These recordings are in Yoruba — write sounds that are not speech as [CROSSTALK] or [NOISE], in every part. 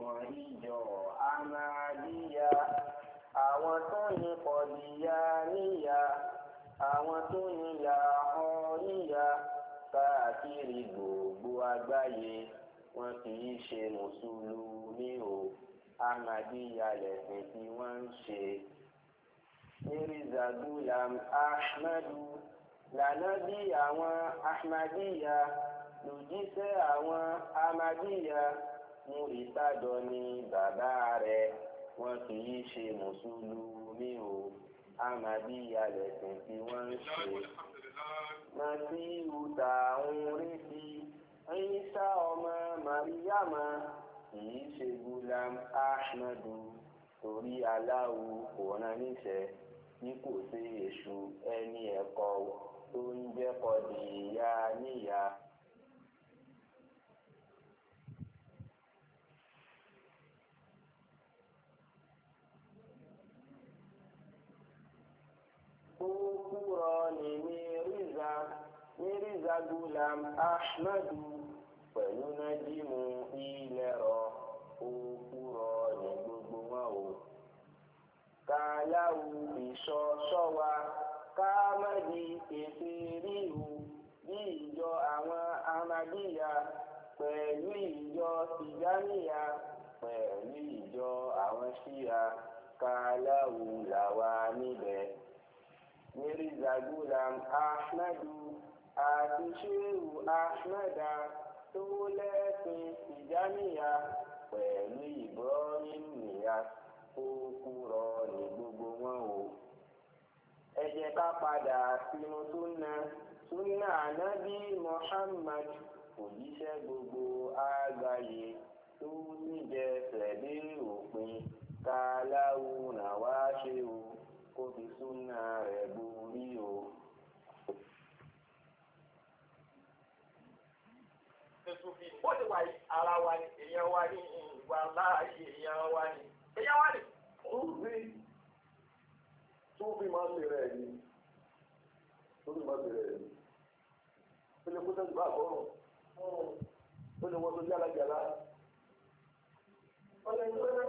àwọn ìjọ amáàdíyà àwọn tó ní pọ̀díyà níyà àwọn tó ní yàhọ́ níyà káàkiri gbogbo àgbáyé wọn kì í ṣe mùsùlùmí o amáàdíyà lẹ̀sìn tí wọ́n ń ṣe. Mirza Gulam Ahmadu lànàbí àwọn Ahmadiyya lòjíṣẹ́ àwọn Ahmadiyya múrítàjọ ni bàbá rẹ̀ wọ́n kì í ṣe mùsùlùmí o amadiya lẹ̀sìn tí wọ́n ń ṣe. masiu tá ń retí Ìsá ọmọ mariama kì í ṣe gulam ahmadu torí aláwo kò rán níṣẹ́ bí kò sí èṣù ẹni ẹ̀kọ́ tó ń jẹ́ di ìyá níyà. Ajagunlam Ahmadu pẹ̀lú Nájímù Ilẹ̀rọ òkúrọ̀ ní gbogbo wọn o. Kàláwù ìṣọ sọ́wa káàmọ́dì èsì ríru bí ìjọ àwọn Amadíyà pẹ̀lú ìjọ Tìjáníyà pẹ̀lú ìjọ àwọn Ṣíyà kàláwù làwa níbẹ̀. Mírí Ahmadu. àti ahmeda tó lẹ́sìn ìjáníyà pẹ̀lú ìbọ́rin nìyà ó kúrọ ní gbogbo wọn o. ẹ jẹ́ ká padà sínú súnà súnà ànábì Muhammad òjíṣẹ́ gbogbo àgbáyé tó níjẹsẹ̀ dé òpin ká láwùrán wá ṣe o kó fi súnà rẹ̀ borí o. bó ti wà yìí ara wa ni èèyàn wa ni ìwà láàyè èèyàn wa ni èèyàn wa ni. ó rí tó fi máa ń bèrè ẹ̀yìn tó fi máa ń bèrè ẹ̀yìn ó lè kó sẹ́yìn bá àbọ̀rọ̀ ó lè wọ́n tó yára jàlá. ọ̀nà ìgbésẹ̀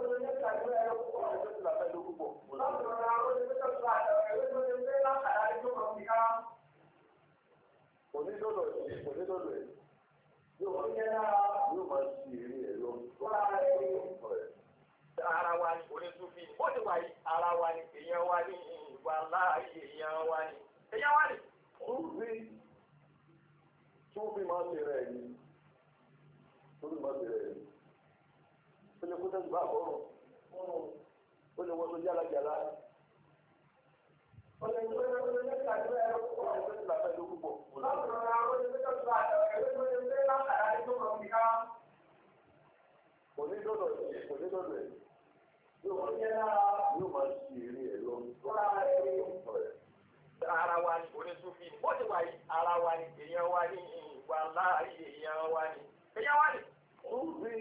tó ní yóò yẹ lára yóò máa ṣe eré ẹ lọ. wọ́n á rẹ̀ ní ara wa ni onísùnfì ó ti wà yìí ara wa ni èèyàn wa ni ìwà láàyè èèyàn wa ni èèyàn wa ni. túbí túbí máa ń ṣe rẹ̀ yìí túbí máa ń ṣe rẹ̀ yìí ó lè kó tẹ́sí bá a bọ̀ ọ́ ó lè wọ́n tó jálajàla. nílọ́dọ̀ ẹ̀. Yóò máa ṣe eré ẹ̀ lọ. Ara wa ni onísúfì, ó ti wà yìí, ara wa ni èèyàn wa ni ìwà láàyè èèyàn wa ni. Èèyàn wa ni. Súfì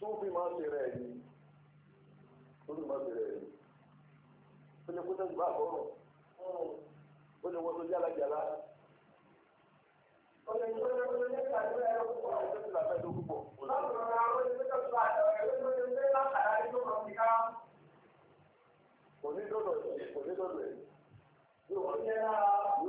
Súfì máa ń ṣe rẹ̀ ni. Súfì máa ń ní kó tẹ́sí bá àbọ̀rọ̀. Ó tó yára jàlá. Ó kò ní dọ́dọ̀ sí kò ní dọ́dọ̀ ẹ̀ yóò máa ṣe náà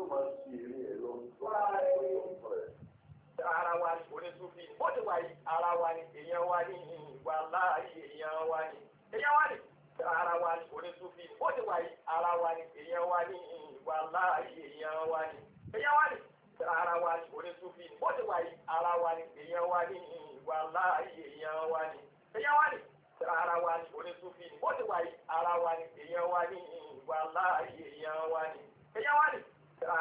yóò máa ṣe eré ara wa ni onísùnfì ni wọ́n ti wà ara wa ni èèyàn wa ni ìwà láàyè èèyàn wa ni èèyàn wa ni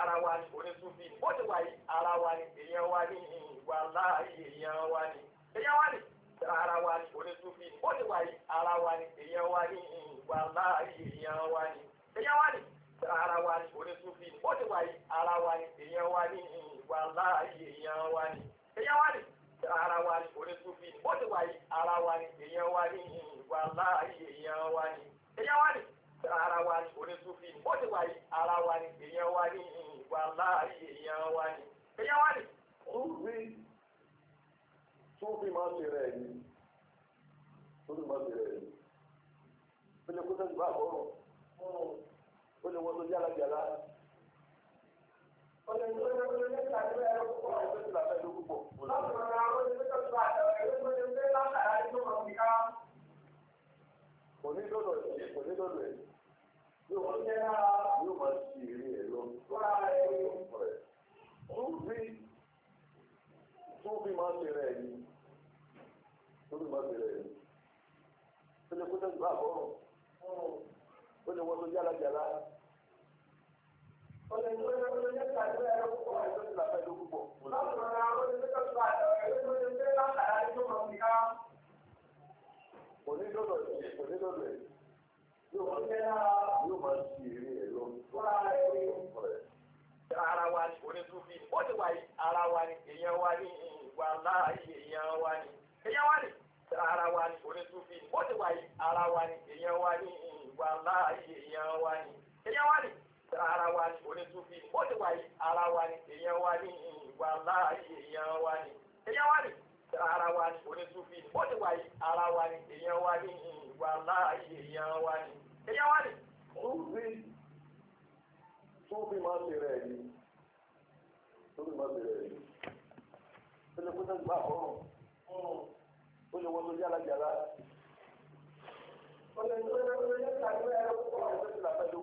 ara wa ni onísùnfì ni wọ́n ti wà ara wa ni èèyàn wa ni ìwà láàyè èèyàn wa ni èèyàn wa ni ara wa ni onísùnfì ni wọ́n ti wà ara wa ni èèyàn wa ni ìwà láàyè èèyàn wa ni èèyàn wa ni ara wa ni onísùnfì ni wọ́n ti wà ara wa ni èèyàn wa ni ìwà láàyè èèyàn wa ni èèyàn wa ni ara wa ni onísùnfì ni wọ́n ti wà yìí ara wa ni èèyàn wa ni ìwà láàyè èèyàn wa ni èèyàn wa ni ara wa ni onísùnfì ni wọ́n ti wà yìí ara wa ni èèyàn wa ni ìwà láàyè èèyàn wa ni èèyàn wa ni. Súnfì Súnfì máa ń ṣe rẹ̀ ni Súnfì máa ń ṣe rẹ̀ ni ó lè àbọ̀rọ̀ ó lè wọ́n tó yálà yálà ọ̀nà ìlú ẹgbẹ́ tó lé nígbà tó lé ẹgbẹ́ púpọ̀ ẹgbẹ́ tó làbẹ́ ló púpọ̀. lọ́sùn ọ̀nà àwọn ẹgbẹ́ tó lọ àtẹ̀wé ẹgbẹ́ tó lé ẹgbẹ́ látàrá ẹgbẹ́ wọn fi ká. kò ní lọ́dọ̀ ẹ̀ kò ní lọ́dọ̀ ẹ̀ yóò wọ́n jẹ́ náà yóò máa ṣì rí ẹ̀ lọ. wọ́n á rẹ̀ túbí túbí máa ṣe rẹ̀ yìí túbí máa ṣe rẹ̀ yìí. ó lè kó tẹ́sí bá àbọ̀rùn ó onídọ́dọ̀ yìí onídọ́dọ̀ yìí yóò máa ṣe yóò máa ṣe eré ẹ̀ ara wa ni onítúbí ó ti wà ara ara wa ni èèyàn wa ni ìwà wà láàyè èèyàn wa ni èèyàn wa ni ara wa ni onítúfì ni wọ́n ti wà yìí ara wa ni èèyàn wa ni wà láàyè èèyàn wa ni èèyàn wa ni. túbí túbí máa ń lè rẹ̀ yìí túbí máa ń lè rẹ̀ yìí ó kó sẹ́yìn bá àkọ́rùn ó lè wọ́n tó yára yàrá. Ọ̀lẹ́ ìgbẹ́ ẹgbẹ́ ẹgbẹ́ ẹgbẹ́ ẹgbẹ́ ẹgbẹ́ ẹgbẹ́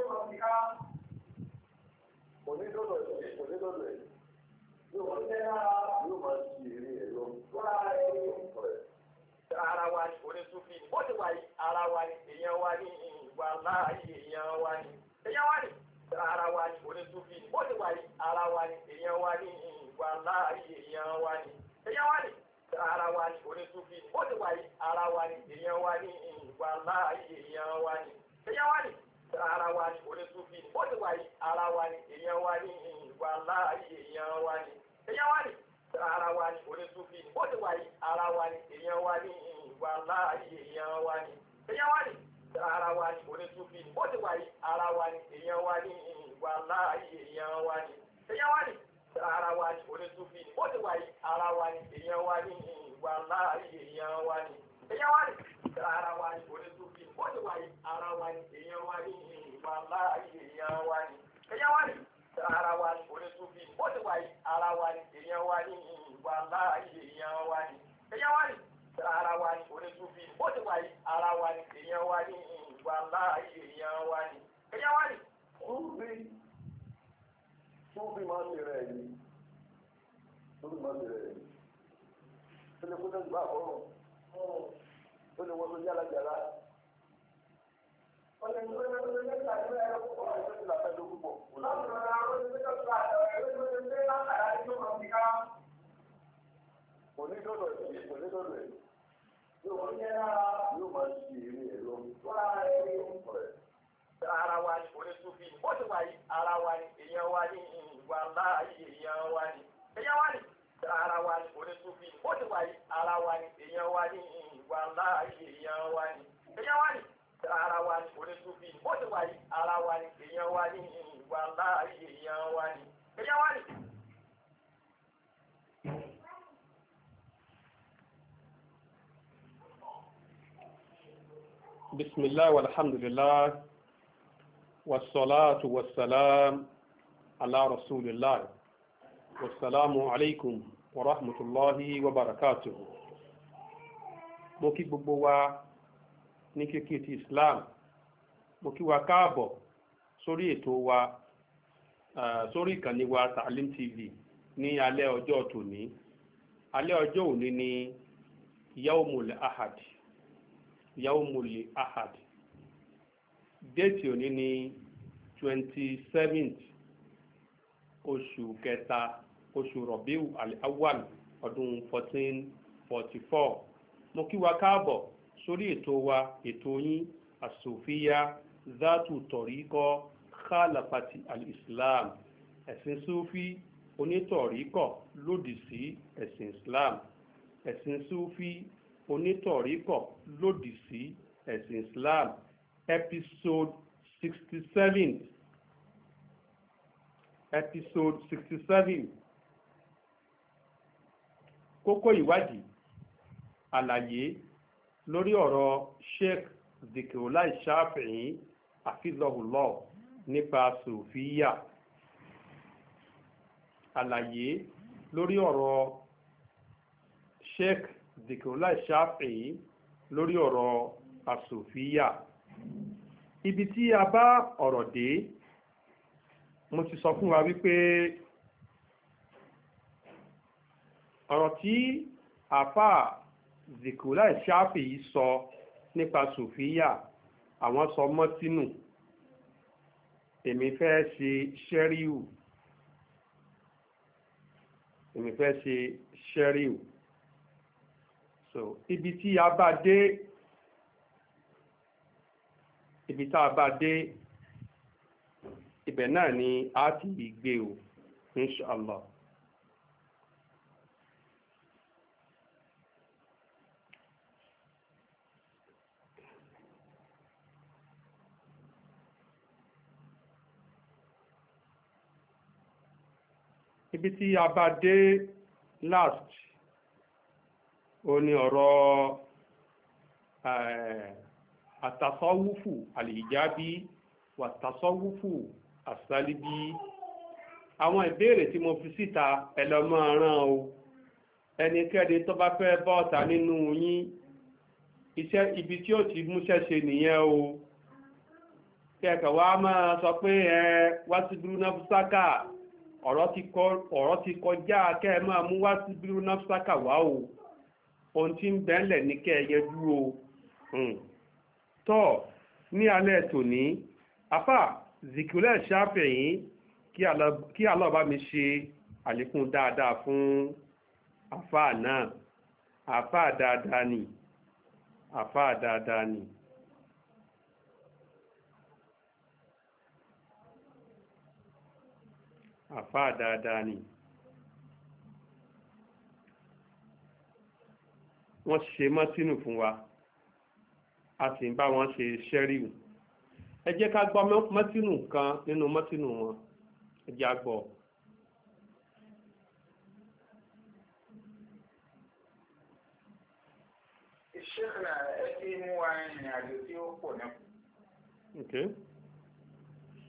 ẹgbẹ́ kò ní dọ́dọ̀ ẹ̀ ara wa ni ara wa ni èèyàn wa ni ìwà láàyè èèyàn wa ni èèyàn wa ni ara wa ni onísùnfì bọ́ọ̀lù wa ni ara wa ni èèyàn wa ni ìwà láàyè èèyàn wa ni èèyàn wa ni ara wa ni onísùnfì bọ́ọ̀lù wa ni ara wa ni èèyàn wa ni ìwà láàyè èèyàn wa ni èèyàn wa ni ara wa ni onísùnfì bọ́ọ̀lù wa ni ara wa ni èèyàn wa ni ìwà láàyè èèyàn wa ni èèyàn wa ni ara wa ni onísùnfì bọ́ọ̀lù wa ni ara wa ni èèyàn wa ni ìwà láàyè èèyàn wa ni èèyàn wa ni ara wa ni onísùfì wọ́n ti wà ní ara wa ni èèyàn wa ní ìwà láàyè èèyàn wa ni èèyàn wa ni ara wa ni onísùfì wọ́n ti wà ní ara wa ni èèyàn wa ní ìwà láàyè èèyàn wa ni èèyàn wa ni ara wa ni onísùfì wọ́n ti wà ní ara wa ni èèyàn wa ní ìwà láàyè èèyàn wa ni èèyàn wa ni. Súfì Súfì máa ń lè rẹ̀ yìí Súfì máa ń lè rẹ̀ yìí. Ṣé lè kó dẹ́gbà ó lè wọ́n tó yára jàrá. Ọ̀sẹ̀ ìgbẹ́ mi ló ní ìgbà tí ẹ̀rọ púpọ̀ àti ìgbà tí ẹ̀rọ púpọ̀. Láti rọra ó ti gbé kọ́sọ́ àtẹ̀wé ló ti gbé látàrá nínú ọ̀gbìnká. Kò ní dọ̀dọ̀ ẹ̀ kò ní dọ̀dọ̀ ẹ̀. Yóò yẹ lára yóò máa ṣe eré ẹ̀ lọ. Wọ́n á rẹ̀ ẹ̀ ara wa ni onisufi bó ti wà yìí ara wa ni èèyàn wa ni ìwà láàyè èèyàn wa ni èèyàn wa ni ara wa ni onisufi bó ti wà yìí ara wa ni èèyàn wa ni wàláhì èèyàn wa ni èèyàn wa ni ara wa ni oníṣòfin bó ti wà yìí ara wa ni èèyàn wa ni wàláhì èèyàn wa ni èèyàn wa ni. بسم الله والحمد لله والصلاة والسلام على رسول الله والسلام عليكم ورحمة الله وبركاته mo kí gbogbo wa ní kíkí ti Islam mo kí wa káàbọ̀ sórí ètò wa sórí ìkànnì wa Taalim TV ní alẹ́ ọjọ́ tòní alẹ́ ọjọ́ òní ni mule ahad yaumul ahad déètì òní ni twenty seventh oṣù kẹta oṣù rọ̀bíù al-awwal ọdún fourteen forty four mo kí wa káàbọ̀ sórí ètò wa ètò yín àsòfíà zátù tọ̀ríkọ́ khalafati al-islam ẹ̀sìn sufi onítọ̀ríkọ̀ lòdì sí ẹ̀sìn islam ẹ̀sìn sufi onítọ̀ríkọ̀ lòdì sí ẹ̀sìn islam episode sixty seven episode sixty seven kókó ìwádìí àlàyé lórí ọ̀rọ̀ sheikh zikirulai shafi'i afizahullah nípa sofiya àlàyé lórí ọ̀rọ̀ sheikh zikirulai shafi'i lórí ọ̀rọ̀ asofiya ibi tí a bá ọ̀rọ̀ dé mo ti sọ fún wa wípé ọ̀rọ̀ tí àfáà zikulai shafi yìí sọ nípa sùfíyà àwọn sọ mọ́tínù èmi fẹ́ ṣe ṣẹ́ríù èmi fẹ́ ṣe ṣẹ́ríù so ibi tí a bá dé ibi tá a bá dé ibẹ̀ náà ni a ti gbé o inshallah. ibi tí a bá dé last ó ní ọ̀rọ̀ àtàsọ́wúfù àlìjábí wàtàsọ́wúfù àsálíbí àwọn ìbéèrè tí mo fi síta ẹlọmọ ràn o ẹnikẹ́ni tó bá fẹ́ bọ́ ọ̀tá nínú yín iṣẹ́ ibi tí ó ti múṣẹ́ ṣe nìyẹn o kẹ̀kẹ́ wa máa sọ pé ẹ wá sí dúró náà fúsákà ọ̀rọ̀ ti kọjá kẹ́ ẹ máa mú wá sí bírú nafsaka wá o ohun tí ń bẹ́ńlẹ̀ ní kẹ́ ẹ yẹjú o hmm. tọ́ ní alẹ́ tòní afa zikilẹ̀ ṣàfẹ̀yìn kí Allah bá mi ṣe àlékún dáadáa fún afa náà afa dáadáa ni afa dáadáa ni. àfáà dáadáa ni wọ́n ṣe mọ́tínù fún wa a sì ń bá wọn ṣe ṣẹ́ríù ẹ jẹ́ ká gbọ́ mọ́tínù kan nínú mọ́tínù wọn ẹ jẹ́ àgbọ̀. ṣíkìlà ẹ ti mú wa ìrìn àjò tí ó pọ̀ náà. ok.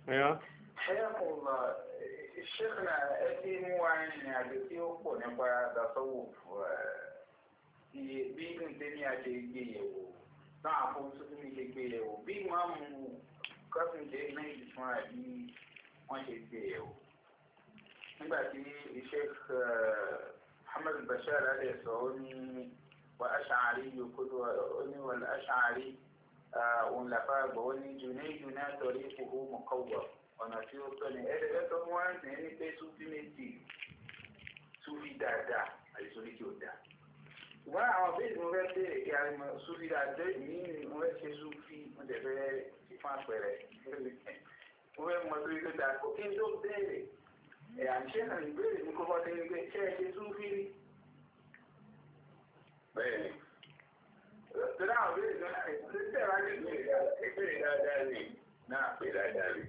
Yeah. ṣẹ́kùnà ẹ ti mú wa rìnrìn àjò tí ó pọ̀ nípa dàsọ́wò ti bí ntẹ́ni àti ìgbéyẹ̀wò náà àfọwọ́sọ fún mi ṣe gbéyẹ̀wò bí wọ́n á mú kọ́sìndé náà ìfún àbí wọ́n ṣe gbéyẹ̀wò. nígbà tí sheikh Muhammad Bashir alẹ́ sọ ó ní wà aṣáárí yòókòtò ó ní wà aṣáárí òun làfà àgbà ó ní jù ní jù náà sọ̀rí ìfowópamọ́ kọ́wọ́. ọ̀nà tí ó tọ́ ni ẹgbẹ́ tó mú wáyé ní ẹni pé súnfí méjì súnfí dáadáa àti súnfí tí ó dáa ṣùgbọ́n àwọn bẹ́ẹ̀ ni fẹ́ bẹ̀rẹ̀ kí a mọ súnfí dáadáa mí ni mo fẹ́ ṣe súnfí mo dẹ̀ fẹ́ ti fún àpẹẹrẹ mo fẹ́ mọ súnfí tó dáa kó kí n tó bẹ̀rẹ̀ ẹ̀ àṣẹ náà ìbéèrè mi kọ́kọ́ tẹ́lẹ̀ pé ṣé ẹ ṣe súnfí rí. bẹ́ẹ̀ni tọ́lá àwọn bẹ́ẹ̀ ni mo fẹ́ bẹ̀rẹ̀ dáadáa rí náà pé dáadáa rí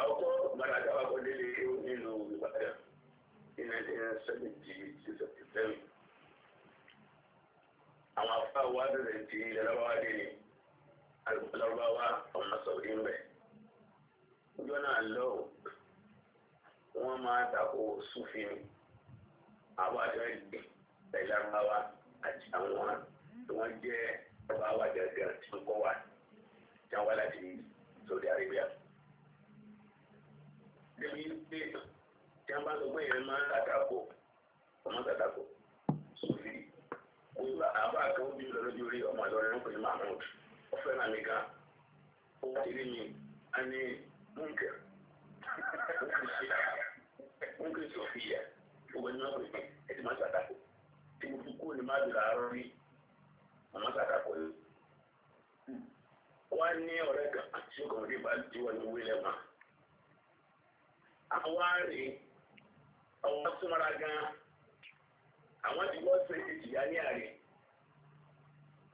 àkọ́kọ́ gbàdájọ́ àkọ́kọ́ délé nínú Ìbàdàn ní nineteen seventy six seventy seven àwọn afá wa bẹ̀rẹ̀ ti lọ́wọ́ adé ni alùpùpùlọ́wọ́ ọmọ sọ̀rí ń bẹ̀. ọjọ́ náà lọ wọ́n máa tako sùfin àwọn àjọ ìdí ìlànàwá àti àwọn tí wọ́n jẹ́ ọba wa gẹ́gẹ́ tí ń kọ́ wa tí wọ́n láti Saudi Arabia débi pé tí a bá lọ pé ìrìn máa ń tàdàpọ̀ ọmọ tàdàpọ̀ sófì gbogbo àbá kan ó bí mi lọ lójú rí ọmọ ìlọrin ló pè ní mahmood ó fẹ́ràn mi gan ó ti rí mi a ní múnkẹ́ múnkẹ́ sófì yẹ gbogbo ẹni máa pè mí ẹ ti máa tàdàpọ̀ tí mo fi kú ni má bìrà àárọ̀ rí ọmọ tàdàpọ̀ yìí wọ́n á ní ọ̀rẹ́ kan àti ṣé kọ̀ọ̀dé bá ti wọ́n ní wílẹ̀ máa. àwárí àwọn súnmọ́ra gan àwọn tí wọ́n ṣe ìjìyà ní àárẹ̀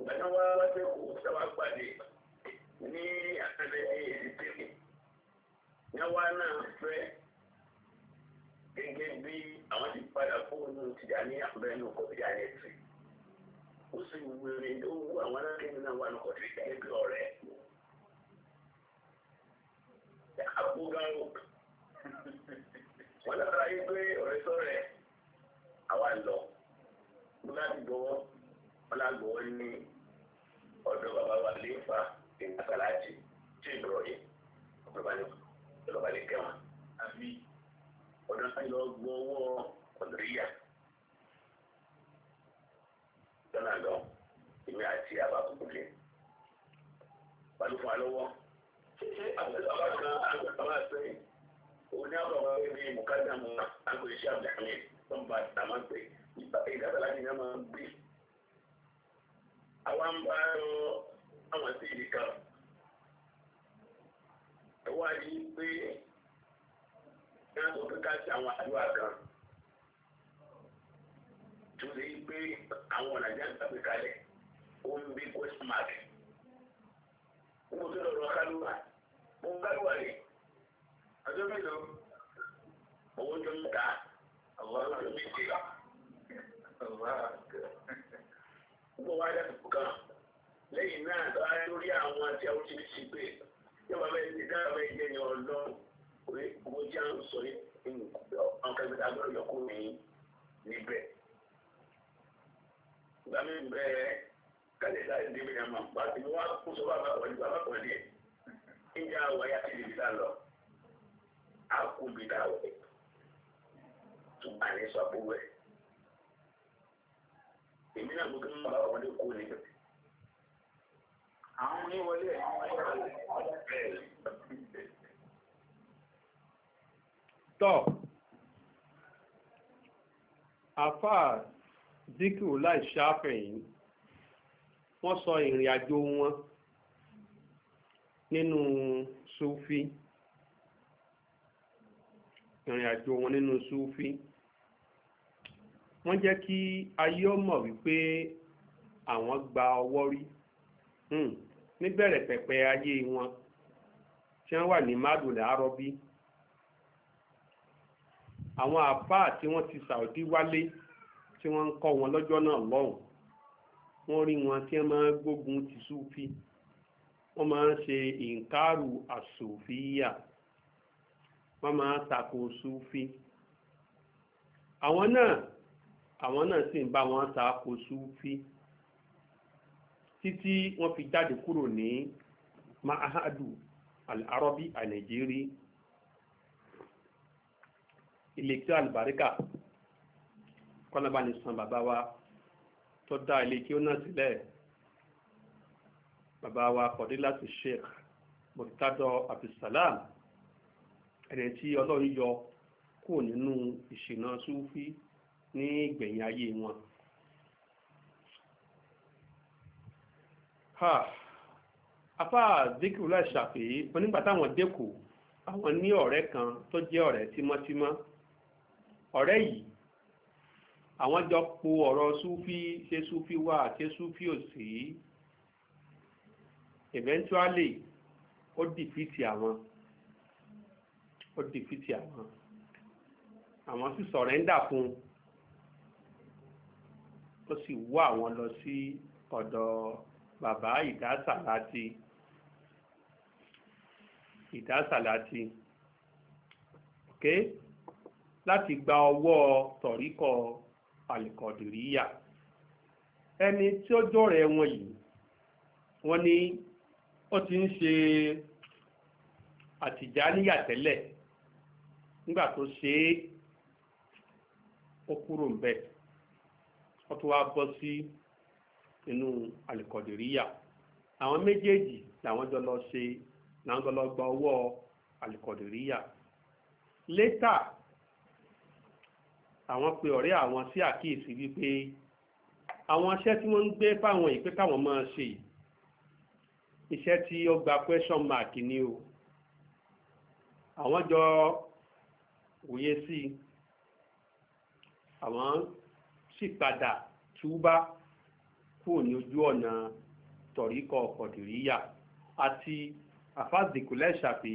ìgbàdàn wá kò sáwà pàdé ní àtàlẹ́ ní èdè yáwá náà fẹ́ gẹ́gẹ́ bí àwọn ti padà fóònù tìjà ní àbẹ́nu ọkọ̀ ní ẹ̀sì ó sì wèrè owó àwọn alákẹ́ni náà wà lọ́kọ̀ tìjà ọ̀rẹ́ wọ́n lára yí pé ọ̀rẹ́ sọ́rẹ́ àwa lọ wọ́n láti gbọ́wọ́ wọ́n láti gbọ́wọ́ ní ọ̀dọ̀ bàbá wa lè fa ìgbàsàlájì tí ìgbọ̀rọ̀ yìí ọ̀pọ̀lọpọ̀ lè kẹwọn. àbí ọ̀dọ̀ sí lọ gbọ́wọ́ ọ̀dọ̀ríyà lọ́nà lọ èmi àti àbákùnkùnlé pàlú fún alọ́wọ́. ṣé àbúrò àbá kan àgbẹ̀ bàbá àgbẹ̀ ní àwọn ọmọ ẹgbẹ́ ní mọ̀kádà mọ́ àgọ́ iṣẹ́ abdulhamid tó ń ba àmà pé ìgbà ìdàgbàlá ni wọ́n máa ń gbé. àwa ń bá rọ àwọn sí ìdí kan. ẹ̀wọ́n á pé náà sọ pé ká ṣe àwọn àdúrà kan. tó lè yí àwọn ọ̀nà jẹ́ àgbàgbé kalẹ̀ ó ń bí question mark. ó mú tó lọ kálúwà. mo kálúwà rè. ọjọ́ mélòó? owó tó ń ta àwọn ọlọ́run ló ti dé gbogbo wa yà kúkú kan lẹ́yìn náà tó á lórí àwọn àti àwọn tí ti gbé yọba bẹ́ẹ̀ ti dára bẹ́ẹ̀ jẹ́ ní ọlọ́run orí owó tí a ń sọ yìí àwọn kan gbẹdà gbọ́dọ̀ yọkú mi níbẹ̀ gbàmí bẹ́ẹ̀ kálẹ̀ sáré débi ẹ̀ mọ̀ bá ti wá kó sọ bá bá wọlé bá bá wọlé ẹ̀ ń jẹ́ àwọn ayé àti kú bi dá tó ń balẹ̀ sọ àbúrò ẹ̀. èmi náà mo tún ń bá ọmọdé kú ni. àwọn oníwọlé ẹ̀ ń wáyé ọ̀rẹ́ tọ́ àfáà díkìrù láì ṣáfẹ̀yìn wọ́n sọ ìrìn àjò wọn nínú súfí ìrìn àjò wọn nínú súfí wọ́n jẹ́ kí ayé ọmọ wípé àwọn gba ọwọ́ rí hmm. níbẹ̀rẹ̀ pẹ̀pẹ̀ ayé wọn tí wọ́n wà ní mádùlẹ̀ àrọ́bí àwọn àfáà tí wọ́n ti Saudi wálé tí wọ́n ń kọ́ wọn lọ́jọ́ náà lọ́hùn wọ́n rí wọn tí wọ́n máa ń gbógun ti súfì wọ́n máa ń ṣe ìǹkárù àsòfíyà wọ́n máa ń tako súfì àwọn náà àwọn náà sì ń bá wọn ta ko sufi títí wọ́n fi jáde kúrò ní mahadu al-arabi al-nigeri iléeṣẹ́ àlùbáríkà kọ́nàbà ní san bàbá wa tó dá iléeṣẹ́ náà sílẹ̀ bàbá wa fọdílàtì sheikh murtado abdulsalam ẹni tí ọlọ́run yọ kúrò nínú ìṣìnà sufi ní ìgbẹ̀yìn ayé wọn. afá zikiru láì ṣàfihì wọn nígbà táwọn dẹ́kọ̀ àwọn ní ọ̀rẹ́ kan tó jẹ́ ọ̀rẹ́ tímọ́tímọ́ ọ̀rẹ́ yìí àwọn jọ po ọ̀rọ̀ súfí ṣe súfí wà ṣe súfí ò sí eventually ó dìfìtì àwọn ó dìfìtì àwọn àwọn sì sọ̀rẹ́ńdà fún un ó sì wú àwọn lọ sí ọ̀dọ̀ bàbá ìdásàláti ìdásàláti ok láti gba ọwọ́ tọ̀ríkọ̀ àlìkọ̀dìríyà ẹni tí ó jọ́rẹ̀ wọn yìí wọ́n ní ó ti ń ṣe àtìjáníyà tẹ́lẹ̀ nígbà tó ṣe é ó kúrò ń bẹ́ẹ̀ wọ́n tún wá bọ́ sí inú alikọ̀dìríyà àwọn méjèèjì làwọn jọ lọ ṣe làwọn jọ lọ gba ọwọ́ alikọ̀dìríyà létà àwọn pe ọ̀rẹ́ àwọn sí àkíyèsí wípé àwọn iṣẹ́ tí wọ́n ń gbé fáwọn ìpé káwọn máa ṣe iṣẹ́ tí ó gba question mark ni o àwọn jọ wòye sí àwọn sì padà túbá kúrò ní ojú ọ̀nà tọ̀ríkọ̀ kọ̀dìríyà àti àfàdìkúlẹ̀ ṣàfi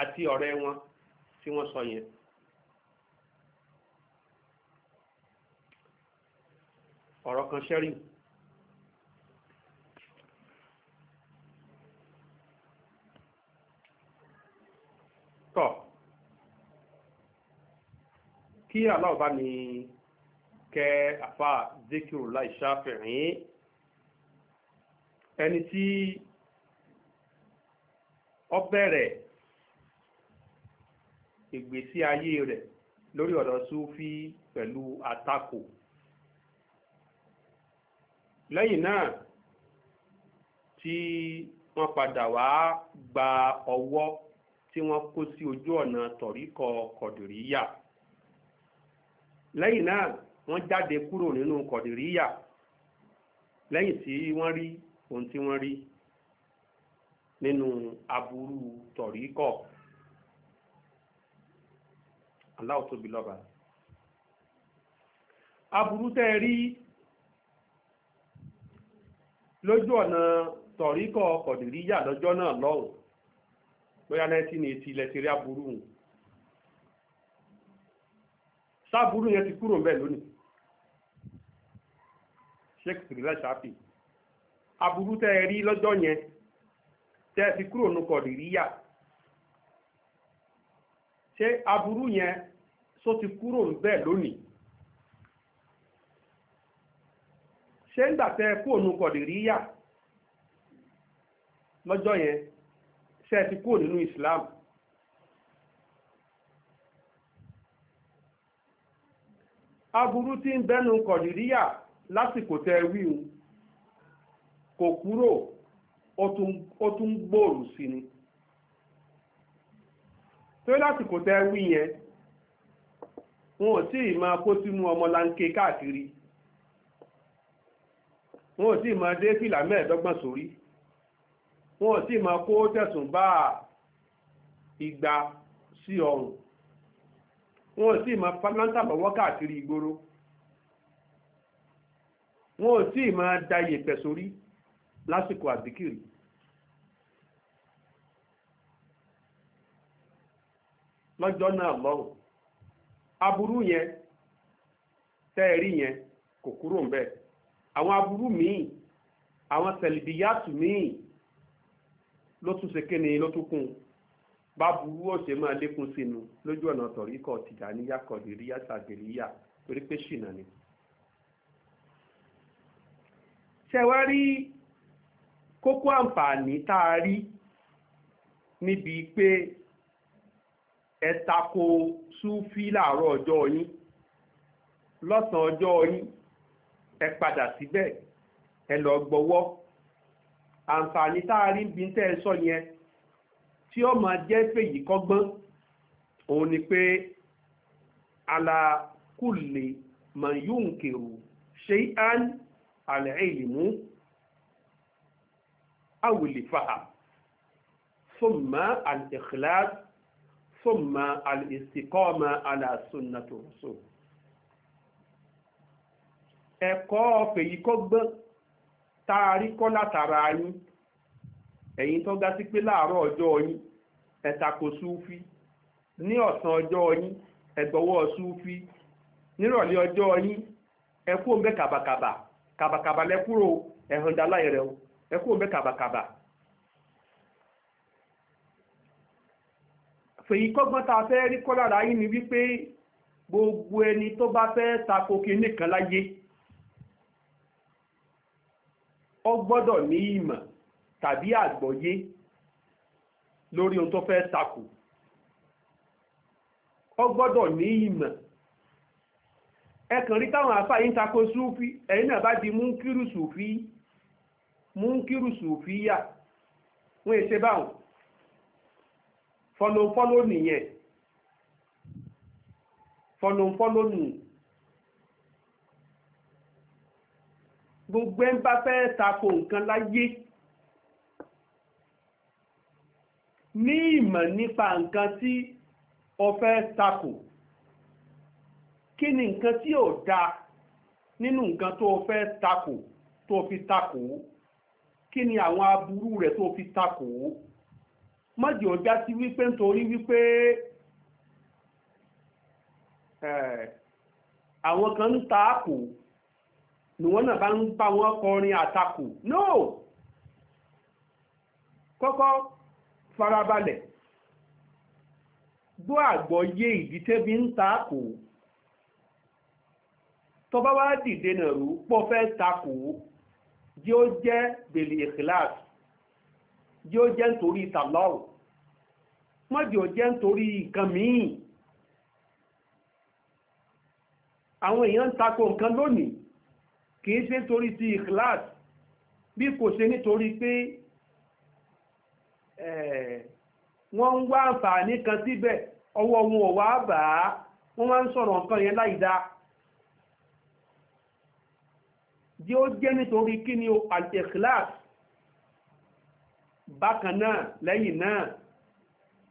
àti ọ̀rẹ́ wọn tí wọ́n sọ yẹn. ọ̀rọ̀ kan ṣẹ́rí tọ̀ kí aláwọ̀ bá ní kẹ́ àfà Zikrullah Shafi'i ẹni tí ó bẹ̀rẹ̀ ìgbésí ayé rẹ̀ lórí ọ̀dọ̀ sufi pẹ̀lú àtakò lẹ́yìn náà tí wọ́n padà wá gba ọwọ́ tí wọ́n kó sí ojú ọ̀nà tọ̀ríkọ kọ̀dìríyà lẹ́yìn náà wọ́n jáde kúrò nínú kọ̀dìríyà lẹ́yìn tí wọ́n rí ohun tí wọ́n rí nínú aburú tọ̀ríkọ̀ aláwòtóbi lọ́ba aburú tẹ́ rí lójú ọ̀nà tọ̀ríkọ̀ kọ̀dìríyà lọ́jọ́ náà lọ́hùn lọ́yà 1980 lẹ́tìrí aburú sáburú yẹn ti kúrò mbẹ̀ lónìí sheikh sirila shafi aburú tẹ́ ẹ rí lọ́jọ́ yẹn tẹ́ ẹ fi kúrò nù kọ̀dìríyà ṣé aburú yẹn só ti kúrò bẹ́ẹ̀ lónìí ṣé ń tẹ́ ẹ kúrò nù kọ̀dìríyà lọ́jọ́ yẹn ṣé ẹ ti kúrò nínú islam. aburú tí ń bẹ́nu kọ̀dìríyà lásìkò tẹ́ wíhun kò kúrò ó tún gbòòrò sí ni tó lásìkò tẹ́ wí yẹn wọn ò tí ì máa kó sínú ọmọlanke káàkiri wọn ò tí ì máa dé fìlà mẹ́ẹ̀ẹ́dọ́gbọ̀n sórí wọn ò tí ì máa kó tẹ̀sùn bá ìgbà sí ọrùn wọn ò tí ì máa panáńtà lọ́wọ́ káàkiri ìgboro wọn ò tí ì máa da yèpẹ̀ sórí lásìkò àdìkìrì lọ́jọ́ náà lọ́hùn aburú yẹn tẹ́ẹ̀rí yẹn kò kúrò ń bẹ̀ àwọn aburú míì àwọn tẹ̀lìbíyàtù míì ló tún ṣe kéne ló tún kún bá burú ọ̀sẹ̀ máa lékún sínú lójú ọ̀nà tọ̀ríkọ̀ tìjà níyà kọ̀dìríyà tàbíríyà torí pé ṣìnà ni ṣẹ̀wárí kókó àǹfààní tá a rí níbi pé ẹ tako súfí láàárọ̀ ọjọ́ yín lọ́sàn ọjọ́ yín ẹ padà síbẹ̀ ẹ lọ gbọ́wọ́ àǹfààní tá níbi tẹ́ ẹ sọ yẹn tí ó máa jẹ́ fèyí kọ́gbọ́n òun ni pé ala kulli man yunkiru shay'an àlẹ́ìlìmú àwìlìfàhà fúnmà al-ikhlas fúnmà al-istiqama ala sunnati rasul ẹ̀kọ́ fèyíkọ́gbọ́n táàrí kọ́ látara yín ẹ̀yin tó ga sí pé láàárọ̀ ọjọ́ yín ẹ tako súfí ní ọ̀sán ọjọ́ yín ẹ gbọ́wọ́ nírọ̀lẹ́ ọjọ́ yín ẹ òǹbẹ́ kàbàkàbà kàbàkàbà lẹ́kúrò ẹ̀hàn dáláyè rẹ̀ o ẹkú bẹ́ kàbàkàbà. fèyí kọ́gbọ́n tá a fẹ́ rí kọ́ lára yín ni wípé gbogbo ẹni tó bá fẹ́ tako kinní kan láyé ó gbọ́dọ̀ ní ìmọ̀ tàbí àgbọ́yé lórí ohun tó fẹ́ tako ó gbọ́dọ̀ ní ìmọ̀ ẹkàn rí táwọn àfà yìí ń tako súfí ẹ̀yìn náà bá di múnkírù súfí múnkírù súfí yà wọ́n èṣe báwọn fọlọ́fọlọ́ nìyẹn fọlọ́fọlọ́ nù gbogbo ẹ̀ ń bá fẹ́ tako nǹkan láyé ní ìmọ̀ nípa nǹkan tí o fẹ́ tako kí ni nǹkan tí ò dáa nínú nǹkan tó o fẹ́ takò tó o fi takò kí ni àwọn aburú rẹ̀ tó o fi takò mọ́jì ó já sí wípé nítorí wípé eh, àwọn kan ń ta àpò ni wọ́n náà bá ń bá wọn kọrin àtakò no kọ́kọ́ farabalẹ̀ gbọ́ àgbọ́yé ìdí tẹ́bí ń ta àpò tó bá wá dìde náà rú pọ̀ fẹ́ takò jí ó jẹ́ bèlè ìkìláàsì jí ó jẹ́ nítorí tàlọ́ọ̀ mọ́jì ó jẹ́ nítorí nǹkan míì àwọn èèyàn ń takò nǹkan lónìí kì í ṣe nítorí ti ìkìláàsì bí kò ṣe nítorí pé wọ́n ń wá àǹfààní kan síbẹ̀ ọwọ́ wọn ò wá bà á wọ́n wá ń sọ̀rọ̀ nǹkan yẹn láìdáa jí ó jẹ́ nítorí kí ni o al-ikhlas bákan náà lẹ́yìn náà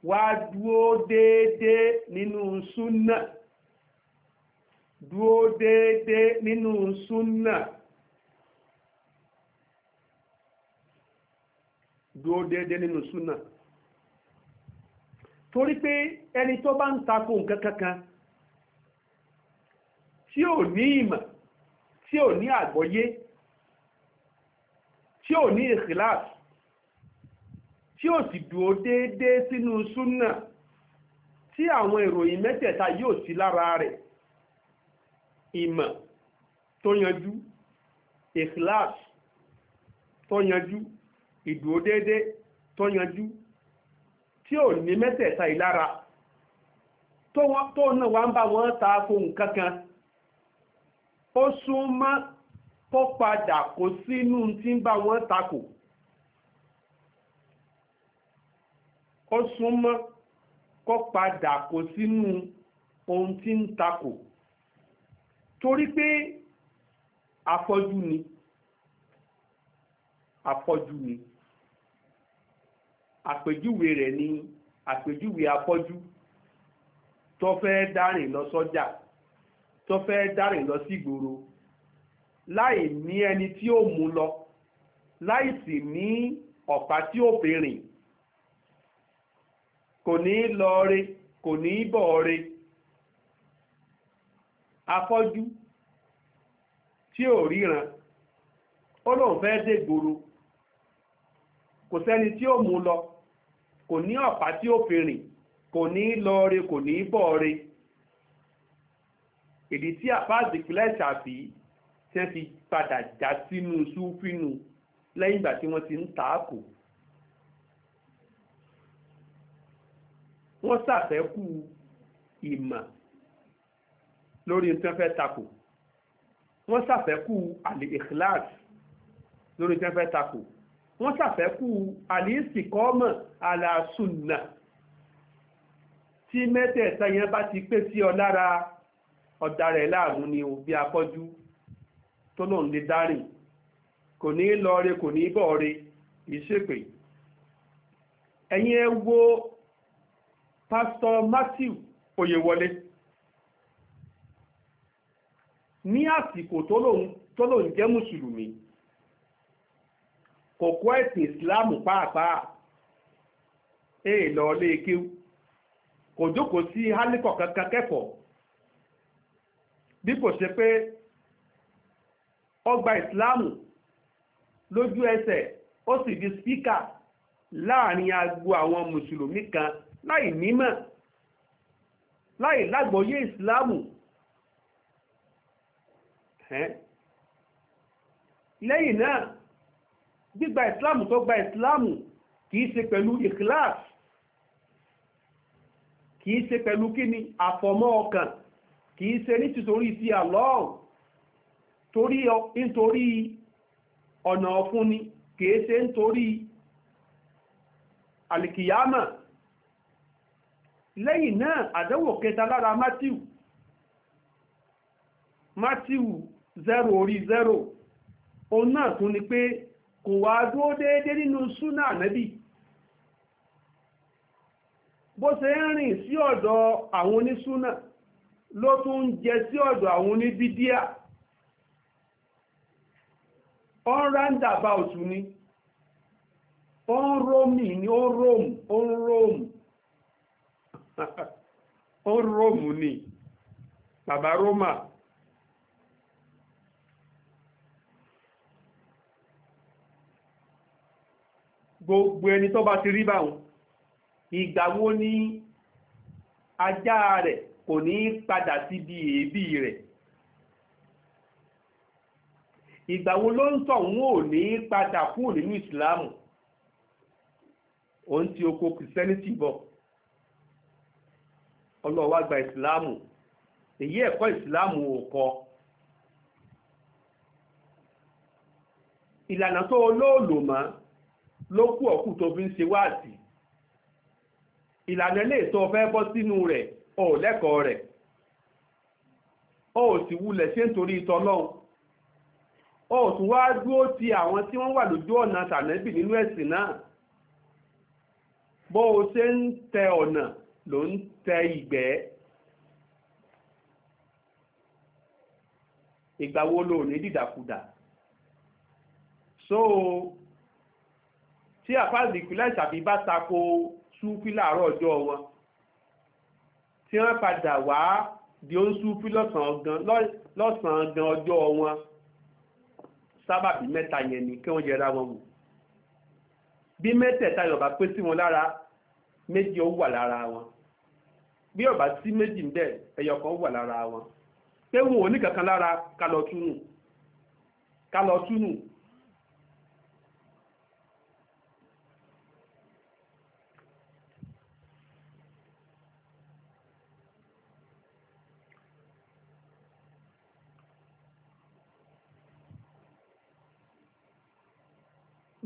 wá dúó déédéé nínú súnà dúó déédéé nínú súnà dúó déédéé nínú súnà torí pé ẹni tó bá ń takò nǹkan kankan tí ò ní ìmọ̀ tí ò ní àgbọ́yé tí ò ní ìkìláàs tí ò sì dúró déédéé sínú súnà tí àwọn ìròyìn mẹ́tẹ̀ẹ̀ta yóò sí lára rẹ̀ ìmọ̀ tó yanjú ìkìláàs tó yanjú ìdúró déédéé tó yanjú tí ò ní mẹ́tẹ̀ẹ̀ta ìlara tó náà wá ń bá wọn ta ko nǹkan kan ó súnmọ́ kó padà kó sínú tí ń bá wọn takò ó súnmọ́ kó padà kó sínú ohun tí ń takò torí pé afọ́jú ni afọ́jú ni àpèjúwe rẹ̀ ni àpèjúwe afọ́jú tó fẹ́ dárìn lọ sọ́jà. So tó fẹ́ dárìn lọ sí ìgboro láì ní ẹni tí ó mú lọ láì sì ní ọ̀pá tí ó bèrè kò ní lọ re kò ní bọ̀ re afọ́jú tí ò ríran ó lóun fẹ́ dé ìgboro kò sẹ́ni tí ó mú lọ kò ní ọ̀pá tí ó bèrè kò ní lọ re kò ní bọ̀ re èdè tí àbáàdì pílẹ̀ ṣàbí tí wọ́n fi padà já sínú súfínù lẹ́yìn ìgbà tí wọ́n ti ń tààkò wọ́n ṣàfẹ́kù ìmọ̀ lórí tí wọ́n fẹ́ takò wọ́n ṣàfẹ́kù àlè ìkìláàsì lórí tí wọ́n fẹ́ takò wọ́n ṣàfẹ́kù àlè ìsìnkọ́mọ̀ àlàsùnà tí mẹ́tẹ̀ẹ̀ta yẹn bá ti pé sí ọ lára. ọ̀dà rẹ̀ láàmú ni o bí tó lòun lè dárìn kò ní lọre kò ní bọ̀ọ̀re kì í ẹ̀yin ẹ wo pásítọ̀ Matthew Oyèwọlé ní àsìkò tó lòun jẹ́ mùsùlùmí kò kọ́ ẹ̀sìn ìsìláàmù pàápàá èèlọ̀ lè e kò kankan kẹ́kọ̀ọ́ bí kò ṣe pé ó gba ìsìláàmù lójú ẹsẹ̀ ó sì di spíkà láàrin agbo àwọn mùsùlùmí kan láì nímọ̀ láì lágbọ́yé ìsìláàmù lẹ́yìn náà gbígba ìsìláàmù tó gba ìsìláàmù kìí ṣe pẹ̀lú ìkìláàsì kìí ṣe pẹ̀lú kíni àfọ̀mọ́ ọkàn kì í ṣe nítorí ti Allah torí nítorí ọ̀nà ọ̀fúnni ni í ṣe nítorí alìkìyàmà lẹ́yìn náà àdẹ́wò kẹta lára Matthew Matthew 0 orí 0 òun náà tún ni pé kò wá dúó déédé nínú súnà bó ṣe ń rìn sí ọ̀dọ̀ àwọn onísúnà ló tún ń jẹ sí ọ̀dọ̀ àwọn oníbídíà on round about ni on romi ni on rome on rome on rome ni bàbá roma gbogbo ẹni tó bá ti rí báwọn ìgbà wo ajá rẹ̀ kò ní padà síbi èébì rẹ̀ ìgbà wo ló ń tọ̀ ń ò ní padà kúrò nínú ìsìláàmù òun ti oko kìrìsìtẹ́nìtì bọ̀ ọlọ́wà gba ìsìláàmù èyí ẹ̀kọ́ ìsìláàmù ò kọ́ ìlànà tó olóòlò mọ́ ló kú ọ̀kú tó fi ń ṣe wáàsí ìlànà ilé ìtọ́ fẹ́ bọ́ sínú rẹ̀ o lẹ́kọ̀ọ́ rẹ̀ o sì wulẹ̀ ṣe nítorí ìtọ́lọ́hun o tún wá dúró ti àwọn tí wọ́n wà lójú ọ̀nà tànẹ́bì nínú ẹ̀sìn náà bó o ṣe ń tẹ ọ̀nà ló ń tẹ ìgbẹ́ ìgbà wo ló ní dìdàkudà so tí àfáàzì ìpínlẹ̀ ìṣàbí bá tako súnfí láàárọ̀ ọjọ́ wọn tí wọ́n padà wá di oṣùfì lọ́sàn-án gan ọjọ́ wọn sábàbí mẹ́ta yẹn ni kí wọ́n yẹra wọn wò bí mẹ́tẹ̀ẹ̀ta yọ̀bá pé sí wọn lára méjì ó wà lára wọn bí ọ̀bá sí méjì ń bẹ̀ ẹyọ kan wà lára wọn pé wọn ò ní kankan lára kálọ̀ túnù kálọ̀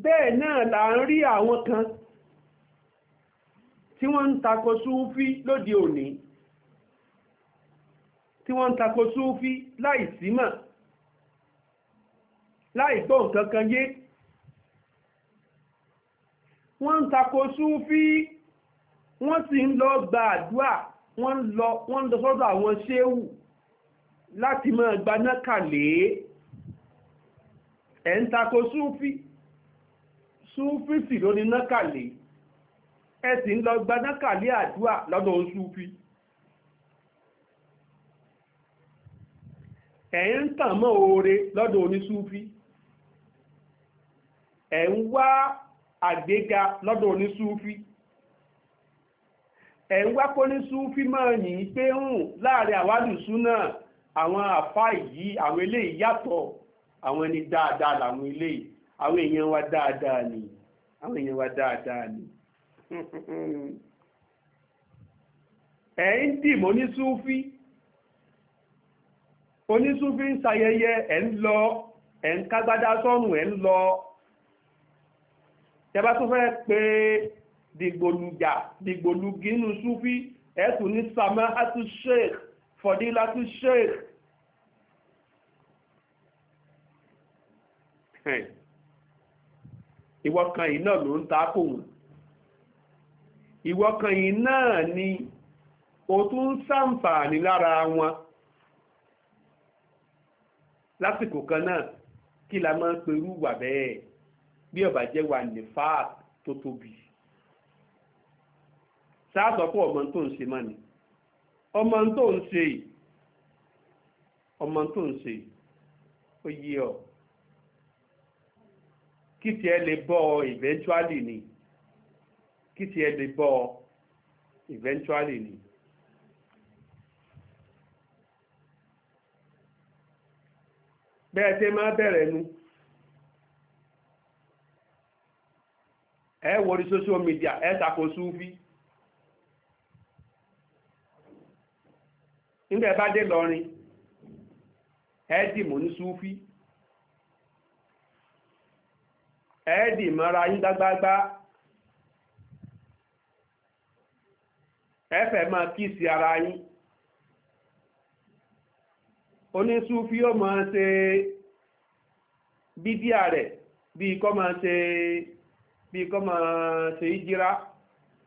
bẹ́ẹ̀ náà là ń rí àwọn kan tí wọ́n ń takò súúfí lóde òní tí wọ́n ń takò súúfí láì símọ̀ láì gbọ́ nǹkan kan yé wọ́n ń takò súúfí wọ́n sì ń lọ gba àdúà wọ́n ń lọ wọ́n ń lọ sọ́dọ̀ àwọn ṣéwù láti máa gbaná kàlẹ́ ẹ̀ ń takò súúfí súfìsì ló ní nákàlẹ̀ ẹ sì ń lọ gba nákàlẹ̀ àdúà lọ́dọ̀ súfì ẹ ń tàn mọ́ oore lọ́dọ̀ onísúfì ẹ̀ ń wá àgbéga lọ́dọ̀ onísúfì ẹ̀ ń wá kó ní súfì máa yìí pé hùn láàrin àwádùsú náà àwọn àfá yìí àwọn eléyìí yàtọ̀ àwọn ẹni dáadáa làwọn eléyìí àwọn èèyàn wa dáadáa ni àwọn èèyàn wa dáadáa ni [LAUGHS] ẹ̀ ń dìmọ̀ ní súfí onísúfí ń sayẹyẹ ẹ̀ ń lọ ẹ̀ ń kágbádá sọ́rùn ẹ̀ ń lọ tẹ́bá tó fẹ́ pé dìgbòlùjà dìgbòlùgì nínú súfí ẹ̀ tún ní samahatu sheikh fọdílátú sheikh ìwọ kan yìí náà ló ń ta kò wọ́n ìwọ kan yìí náà ni o tún ń ṣàǹfààní lára wọn lásìkò kan náà kí la máa ń perú wà bẹ́ẹ̀ bí ó jẹ́ wà ní fáà tó tóbi sáàsọ pé ọmọ tó ń ṣe mọ́ ni ọmọ tó ń ṣe ọmọ tó ń ṣe ó yé ọ kí tiẹ̀ lè bọ́ ọ eventually ni kí tiẹ̀ lè bọ́ ọ eventually ni. bẹ́ẹ̀ tẹ́ máa bẹ̀rẹ̀ nu ẹ wọrí social media ẹ tako súfí nígbà bá dé lọrin ẹ dìmọ̀ ní súfí. ẹ́ẹ̀dì mọ́ra yín gbágbágbá ẹ̀fẹ̀ máa kí sí ara yín onísúfí ó máa ṣe bídíà rẹ̀ bíi kọ́ máa ṣe bíi kọ́ máa ṣe ìjírá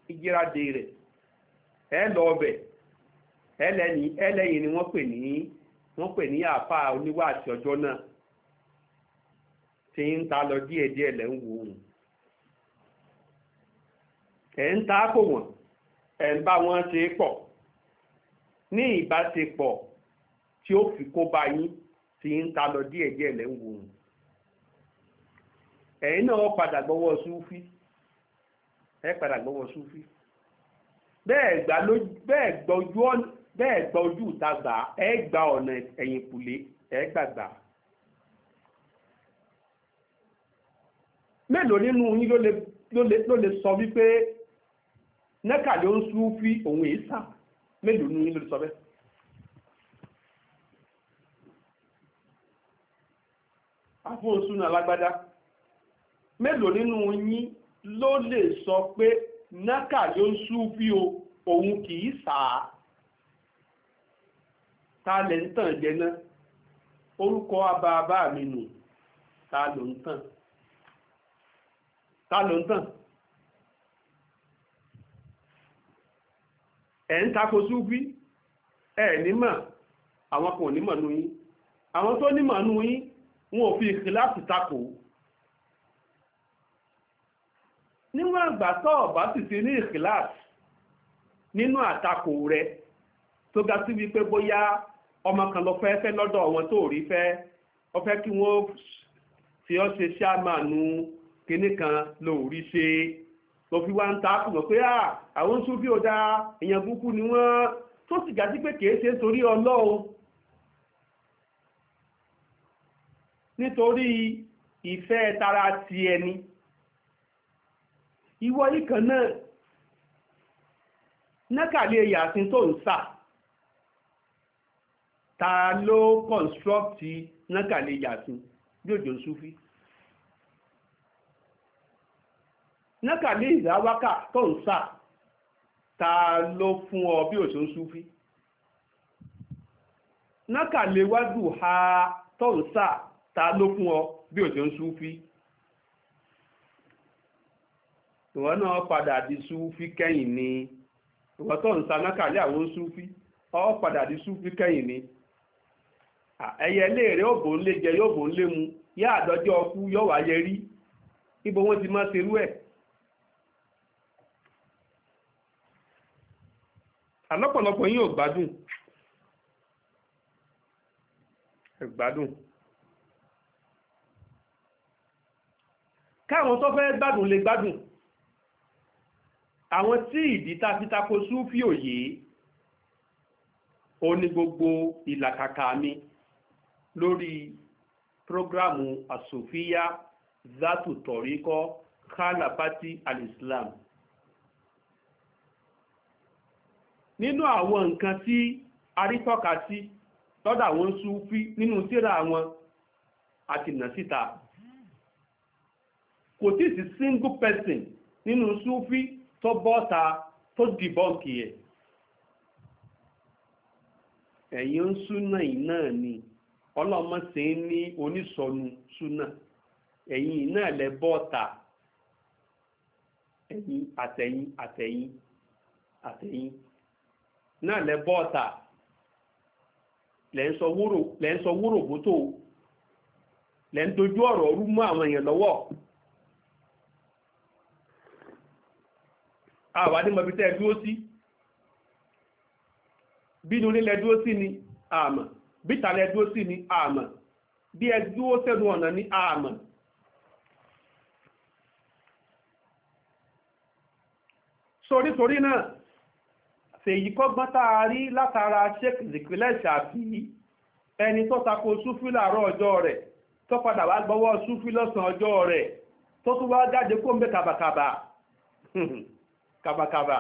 pe dè rẹ̀ ẹ lọ ni wọ́n pè ní wọ́n pè tí ń ta lọ díẹ̀díẹ̀ lẹ́ ń wo òun ẹ̀ ń ta kò wọ́n ẹ̀ ń bá wọn ṣe pọ̀ ní ìbáṣepọ̀ tí ó fi kó bá yín tí ń ta lọ díẹ̀díẹ̀ lẹ́ ń wo òun ẹ̀yin náà padà gbọ́wọ́ súfí ẹ padà gbọ́wọ́ súfí bẹ́ẹ̀ gbà ojú ìta gbà ẹ gba ọ̀nà ẹ̀yìnkùlé ẹ gbàgbà. mélòó nínú yín ló lè sọ wípé nẹ́kà ló ń sú fí òun èyí sà mélòó nínú yín ló lè sọ bẹ́ẹ̀. àfọ̀nsún náà lágbádá mélòó nínú yín ló lè sọ pé nẹ́kà ló ń sú fí òun kì í ta lè ń tàn jẹ náà orúkọ abàbà mi nù ta ló ń tàn ta ló ń tàn ẹ̀ ń tako súfí ẹ̀ nímọ̀ àwọn kan nímọ̀ nú yín àwọn tó nímọ̀ nú yín wọn ò fi ìkìláàsì tako níwọ̀n àgbà tó ọ̀bá sì ti ní ìkìláàsì nínú àtakò rẹ tó ga sí wípé bóyá ọmọ kan lọ fẹ́ fẹ́ lọ́dọ̀ wọn tó rí fẹ́ ọ fẹ́ kí wọ́n fi ọ́ ṣe ṣáàmánu kinní kan ló rí ṣe tó fi wá ń ta kùnà pé àwọn sófì ọ̀dà èèyàn burúkú ni wọ́n tó sì gàdí pé kìí ṣe torí ọlọ́run nítorí ìfẹ́ tara ti ẹni ìwọ yìí kan náà nákàlẹ̀ yàtín tó ń sà ta ló kọ̀nstrọ́pì nákàlẹ̀ yàtín bí òjò ń súfí nákàlí ìdáwákà tó ń sà ta ló fún ọ bí òṣò ń súfí nákàlí ha tó ń sà ta fún ọ bí ìwọ padà di ni ìwọ tó ń àwọn ọ padà di súfí ni ẹyẹ léèrè òbò jẹ yóò bò mu yá àdọjọ ọkú wáyé rí ibo wọn ti máa ṣerú alọ́pọ̀lọpọ̀ yín ò gbádùn ẹ gbádùn káwọn tó fẹ́ gbádùn lè gbádùn àwọn tí ìdí ta fi tako súfì òye ó ní gbogbo ìlàkàkà mi lórí prógrámù àsòfíà zátù tọ̀ríkọ́ kálàpátì alìsílámù nínú àwọn nǹkan tí arítọ́ka sí tọ́dà wọn súfí nínú tírà wọn àti nà síta kò tí sí single person nínú súfí tó bọ́ta tó dìbọ́ǹkì ẹ̀ ẹ̀yin ń súnà iná ni ọlọ́mọ sì ń ní onísọnu súnà ẹ̀yin iná lẹ bọ́ta ẹ̀yin àtẹ̀yin àtẹ̀yin àtẹ̀yin. náà lẹ bọ́ ọ̀tà lẹ ń sọ wúrò bótó lẹ ń dojú ọ̀rọ̀ rú mọ́ àwọn èèyàn lọ́wọ́ àwa ní mọ̀bí tẹ́ dúró sí bí inú nílẹ̀ dúró sí ni àmọ́ bí ìtàlẹ̀ dúró sí ni àmọ́ bí ẹ dúró sẹ́nu ọ̀nà ni àmọ́. sorísorí náà fèyí kọ́gbọ́n tá a rí látara sheikh zikilẹ̀ ṣàbí ẹni tó tako sufi láàárọ̀ ọjọ́ rẹ̀ tó padà wá gbọ́wọ́ sufi lọ́sàn ọjọ́ rẹ̀ tó tún wá jáde kó ń bẹ kàbàkàbà [LAUGHS] kàbàkàbà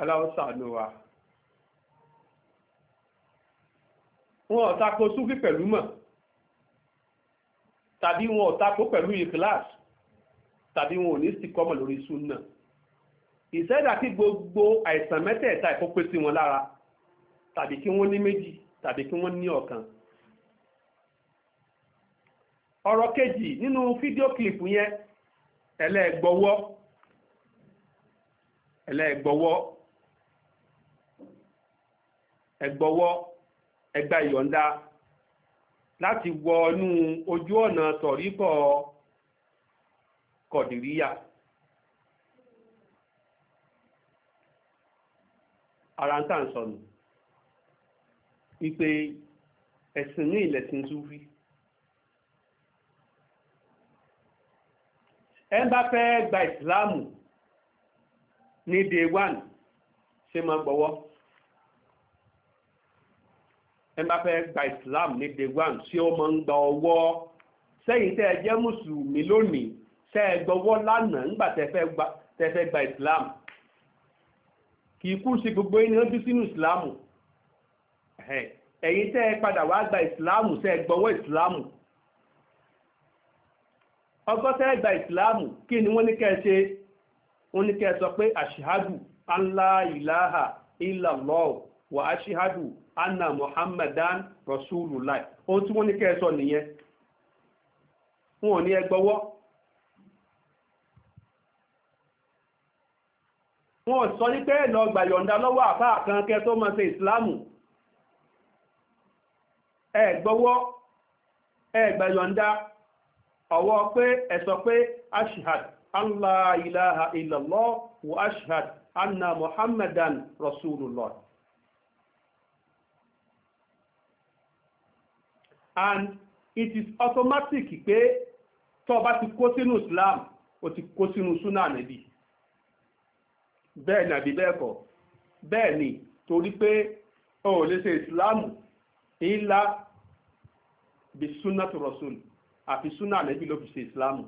aláwọ̀ [LAUGHS] sàánú wa. wọn ò tako sufi pẹ̀lú mọ̀ tàbí wọn ò tako pẹ̀lú ìkíláàsì tàbí wọn ò ní sí kọ́mọ̀ lórí sunna ìṣẹ́dá kí gbogbo àìsàn mẹ́tẹ̀ẹ̀ta ìkópe sí wọn lára tàbí kí wọ́n ní méjì tàbí kí wọ́n ní ọ̀kan ọ̀rọ̀ kejì nínú fídíò kìlìpù yẹn ẹlẹ́gbọ́wọ́ ẹlẹ́gbọ́wọ́ ẹgbọ́wọ́ ẹgbà ìyọ̀ǹda láti wọ inú ojú ọ̀nà tọ̀ríkọ̀ kọ̀dìríyà ara ń tà ń sọnù wípé ẹ̀sìn ní ìlẹ̀sìn súfí ẹ bá fẹ́ gba ìsìláàmù ní day one ṣe máa gbọ́wọ́ ẹ bá fẹ́ gba ìsìláàmù ní day one ṣé ó máa ń gba ọwọ́ sẹ́yìn tẹ́ ẹ jẹ́ mùsùlùmí lónìí ṣé ẹ gbọ́wọ́ lánàá nígbà tẹ́ fẹ́ gba ìsìláàmù. kì í kú ṣe gbogbo ẹni ọdún sínú ìsìláàmù ẹ̀yin tẹ́ ẹ padà wá gba ìsìláàmù tẹ́ ẹ ìsìláàmù ọgọ́tẹ́ gba ìsìláàmù kí ni wọ́n ní ṣe wọ́n ní kẹ́ ẹ sọ pé àṣìhádù anlá ìlàhà wà anna muhammadan rasulullah ohun tí wọ́n ní sọ nìyẹn wọn ò ní wọn sọ ní pé lọ gbà yọ̀ǹda lọ́wọ́ àfá kan tó mọ́ sí ìsìláàmù ẹ gbọ́wọ́ ẹ gbà yọ̀ǹda ọwọ́ pé ẹ pé ashhad allah ilaha illallah wa ashhad anna muhammadan rasulullah and it is automatic pé toba bá ti kó sínú islam o ti kó sínú súnà nìbí bẹ́ẹ̀ ni àbí bẹ́ẹ̀ kọ́ bẹ́ẹ̀ ni torí pé o ò lè ṣe ìsìláàmù ńlá bí súnà tó rọ̀sùn àfi súnà àlẹ́bí ló fi ṣe ìsìláàmù.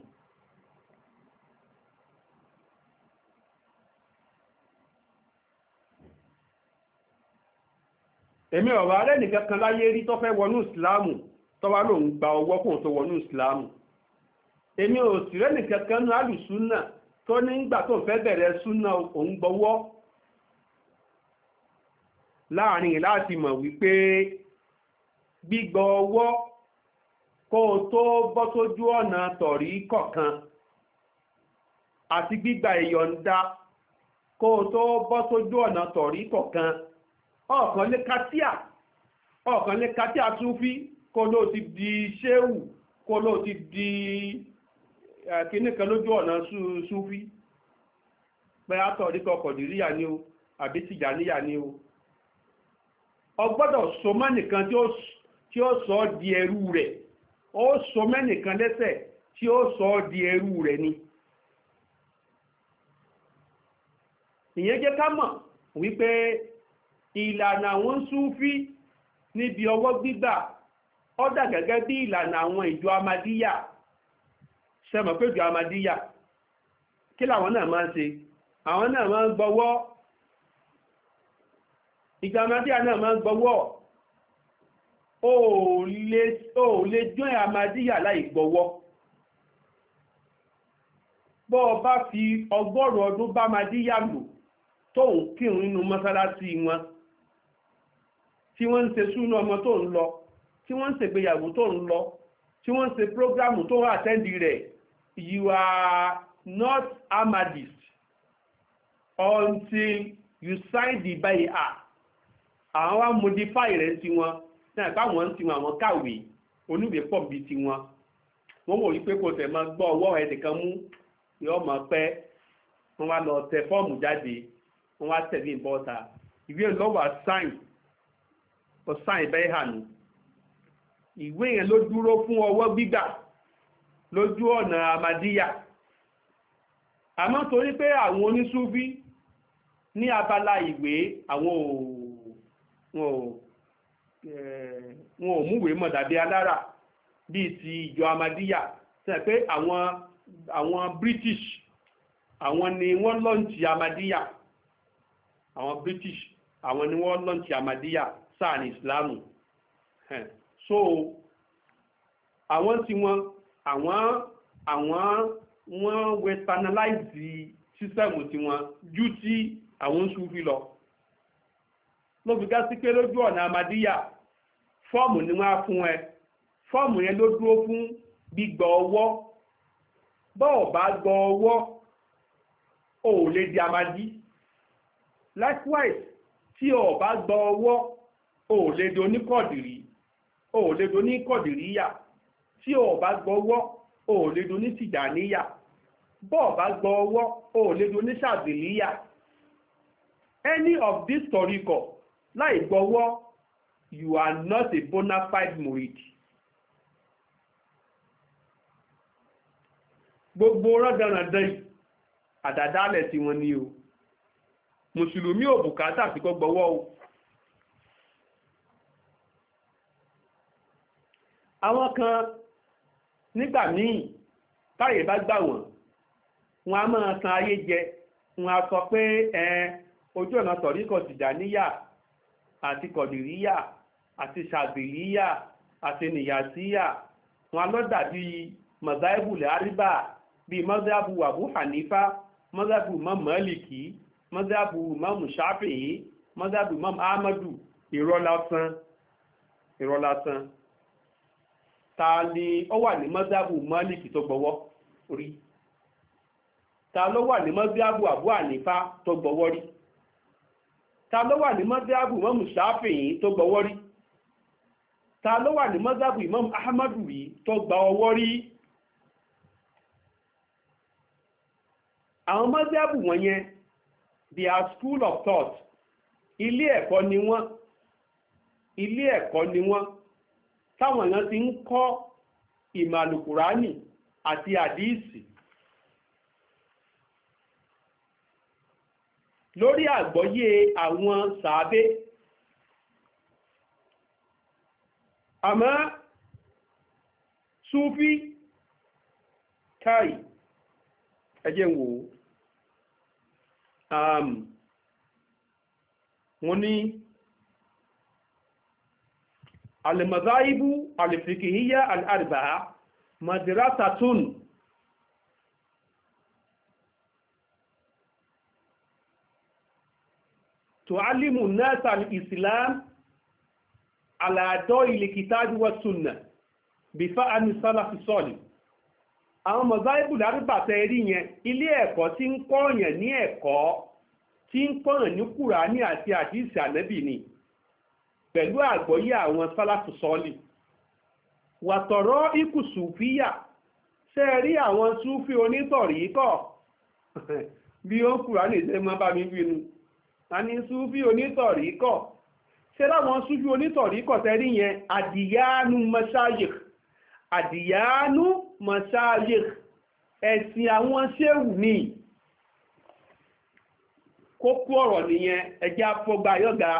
èmi ọ̀rọ̀ arẹ́ nìkan kan láyé rí tó fẹ́ wọnú ìsìláàmù tó wá lòun gba ọwọ́ kóun tó wọnú ìsìláàmù èmi ò sì rẹ́ nìkan kan nú àlùsùn náà tó ní ìgbà tó fẹ́ bẹ̀rẹ̀ súnà òun gbọ́wọ́ láàrin láti mọ̀ wípé gbígbọ́ ọwọ́ kó o tó bọ́ sójú ọ̀nà tọ̀rí kọ̀kan àti gbígba ìyọ̀ǹda kó o tó bọ́ sójú ọ̀nà tọ̀rí kọ̀kan ọ̀kan lè katíà ọ̀kan lè katíà súnfí kó ló ti di ṣéwù kó ló ti di kíní kan lójú ọ̀nà súfí pé àtọ̀ríkọ kọ̀dìríyà ni o àbí tìjà tìjàníyà ni o ọ gbọ́dọ̀ so mẹ́nìkan tí ó sọ ọ́ di ẹrú rẹ̀ ó so mẹ́nìkan lẹ́sẹ̀ tí ó sọ ọ́ di ẹrú rẹ̀ ni ìyẹn jẹ́ ká mọ̀ wípé ìlànà àwọn súfí níbi ọwọ́ gbígbà ọ́ dà gẹ́gẹ́ bí ìlànà àwọn ìjọ amadíyà sẹ́mọ̀ péjọ amadíyà kí làwọn náà máa ń ṣe àwọn náà máa ń gbọ́wọ́ ìjọ amadíyà náà máa ń gbọ́wọ́ o lè join amadíyà láì gbọ́wọ́ bọ́ ọ fi ọgọ́rùn ọdún bá amadíyà lò tóun kírun nínú mọ́sálásí wọn tí wọ́n ń ṣe súnú ọmọ tó ń lọ tí wọ́n ń ṣègbéyàwó tó ń lọ tí wọ́n ń ṣe prógrámù tó ń àtẹ́ndì rẹ̀ you are not Ahmadist until you sign the bay'ah àwọn wá modify rẹ̀ sí wọn náà báwọn ń tiwọn àwọn kàwé oníwèé pọ̀ bíi tiwọn wọ́n wò wípé kò tẹ̀ máa gbọ́ ọwọ́ ẹnìkan mú yóò máa pẹ́ wọ́n wá lọ tẹ fọ́ọ̀mù jáde wọ́n wá tẹ̀lé ìbọ́ta ìwé sign sáìn ọ̀sáìn bẹ́ẹ̀ hàn ìwé yẹn ló dúró fún ọwọ́ gbígbà lójú ọ̀nà amadíyà àmọ́ torí pé àwọn onísúfí ní abala ìwé àwọn eh, wọn ò múwèé mọ̀ dàbí alára bíi ti ìjọ amadíyà sẹ́yìn pé àwọn àwọn british àwọn ni wọ́n lọ́ǹtì amadíyà àwọn british àwọn ni wọ́n lọ́ǹtì amadíyà sáà ní ìsìlámù so àwọn tí wọ́n àwọn àwọn wọ́n westernize sísẹ̀mù tiwọn ju ti àwọn Sufi lọ ló fi gá sí pé lójú ọ̀nà amadíyà fọ́ọ̀mù ni wọ́n á fún ẹ fọ́ọ̀mù yẹn ló dúró fún gbígbà ọwọ́ bọ́ọ̀ bá gbọ́ ọwọ́ ò lè di amadí likewise tí o bá gbọ́ ọwọ́ ò lè do oníkọ̀dìrí ò lè do oníkọ̀dìrí yà tí o bá gbọ́wọ́ o lè do ní tìjàníyà bọ́ ọ bá o lè do ní ṣàbìlíyà any of this toriko láì gbọ́wọ́ you are not a bona fide murid. gbogbo rọ́dàràndàn yìí àdàdálẹ̀ tí wọ́n ní o mùsùlùmí ò bùkátà sí kó gbọ́wọ́ o àwọn kan nígbà míì táyé bá gbà wọ́n wọn a máa tan ayé jẹ wọn a sọ pé ẹ ojú ọ̀nà tọ̀ríkọ̀ tìjàníyà àti kọ̀dìríyà àti ṣàbìlíyà àti nìyàtíyà wọn a lọ dàbí mọ̀záìbù lẹ́àríbà bíi mọ́záàbù àbú hànífà mọ́záàbù mọ́ mọ́lìkì mọ́záàbù mọ́ mùsáfìyí mọ́záàbù mọ́ ahmadu irọ́ lásán ta ni ọ wà ní mọ́sáàbù málìkì tó gbọ́wọ́ rí ta ló wà ní mọ́sáàbù àbú ànífá tó gbọ́wọ́ rí ta ló wà ní mọ́sáàbù mọ́mù sáfìyìn tó gbọ́wọ́ rí ta ló wà ní mọ́sáàbù ìmọ́mù ahmadu rí tó gba ọwọ́ rí àwọn mọ́sáàbù wọ̀nyẹn they are school of thought ilé ẹ̀kọ́ ni táwọn èèyàn ti ń kọ́ ìmọ̀ àlùkùránì àti àdíìsì lórí àgbọ́yé àwọn sàábé àmọ́ súfí káì ẹjẹ́ wò ó wọ́n ní alimazaibu alifikihiya al'arba'a madrasatun tu'allimu an-nasa al-islam ala dawil kitabi wa sunnah bi fa'ami salaf salih àwọn mọ̀sáìbù lárúbàtẹ́ rí yẹn ilé ẹ̀kọ́ tí ń kọ́ọ̀yàn ní ẹ̀kọ́ tí ń kọ́ọ̀yàn ní kùránì àti àdìsí ànábì ni pẹ̀lú àgbọ́yé àwọn sálàfù sọ́ọ̀lì wàtọ̀rọ̀ ikú sùfíyà ṣe rí àwọn súfí onítọ̀rí kọ̀ [LAUGHS] bí ó Kùránì ṣe mọ́ bá mi bínú a ní súfí onítọ̀rí kọ̀ ṣe láwọn súfí onítọ̀rí kọ̀ tẹ́rí yẹn àdìyánú mọ́ṣáyìk àdìyánú mọ́ṣáyìk ẹ̀sìn àwọn ṣéwù ni kókó ọ̀rọ̀ nìyẹn ẹ̀jẹ̀ afọgbà yọ̀gá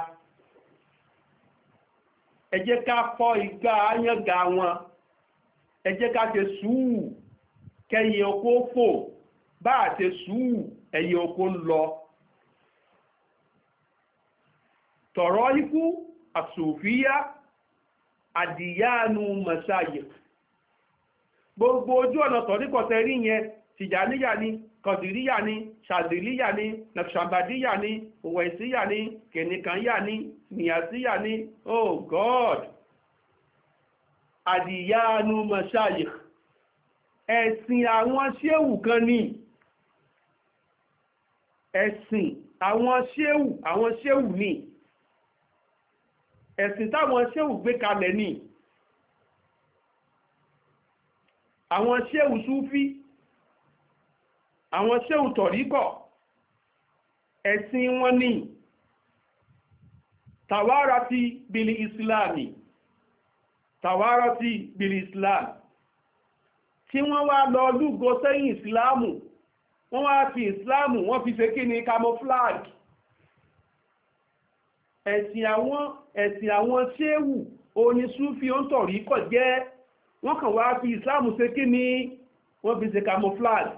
ẹ jẹ́ ká fọ́ igá ayángá wọn ẹ jẹ́ ká ṣe sùúrù kẹyìn oko fò bá a ṣe sùúrù ẹyẹ oko ń lọ tọ̀rọ̀ ikú àsòfíà àdìyánu mọ̀ṣáyẹ̀ gbogbo ojú ọ̀nà tọ̀ríkọ̀tẹ̀ rí yẹn tìjàníyà ni kọ̀dìríyà ni ṣàdìríyà ni nàṣàbàdíyà ni òwẹ̀síyà ni kẹ̀nìkànyà ni nìyàsíyà ní oh god àdìyánu mashayikh ẹ̀sìn àwọn ṣéwù kan ní ẹ̀sìn àwọn ṣéwù àwọn ṣéwù ní ẹ̀sìn táwọn ṣéwù gbé kalẹ̀ ní àwọn ṣéwù súfí àwọn ṣéwù tọ̀ríkọ̀ ẹ̀sìn wọn ní tàwárátì bìlì ìsìláàmì tàwárátì bìlì ìsìláàmì tí wọ́n wá lọ lúgọ sẹ́yìn ìsìláàmù wọ́n wá fi ìsìláàmù wọ́n fi ṣe kí ni camouflage ẹ̀sìn àwọn ẹ̀sìn àwọn ṣéwù oní súfì ó ń tọ̀rí kọ̀ jẹ́ wọ́n kàn wá fi ìsìláàmù ṣe kí ni wọ́n fi ṣe camouflage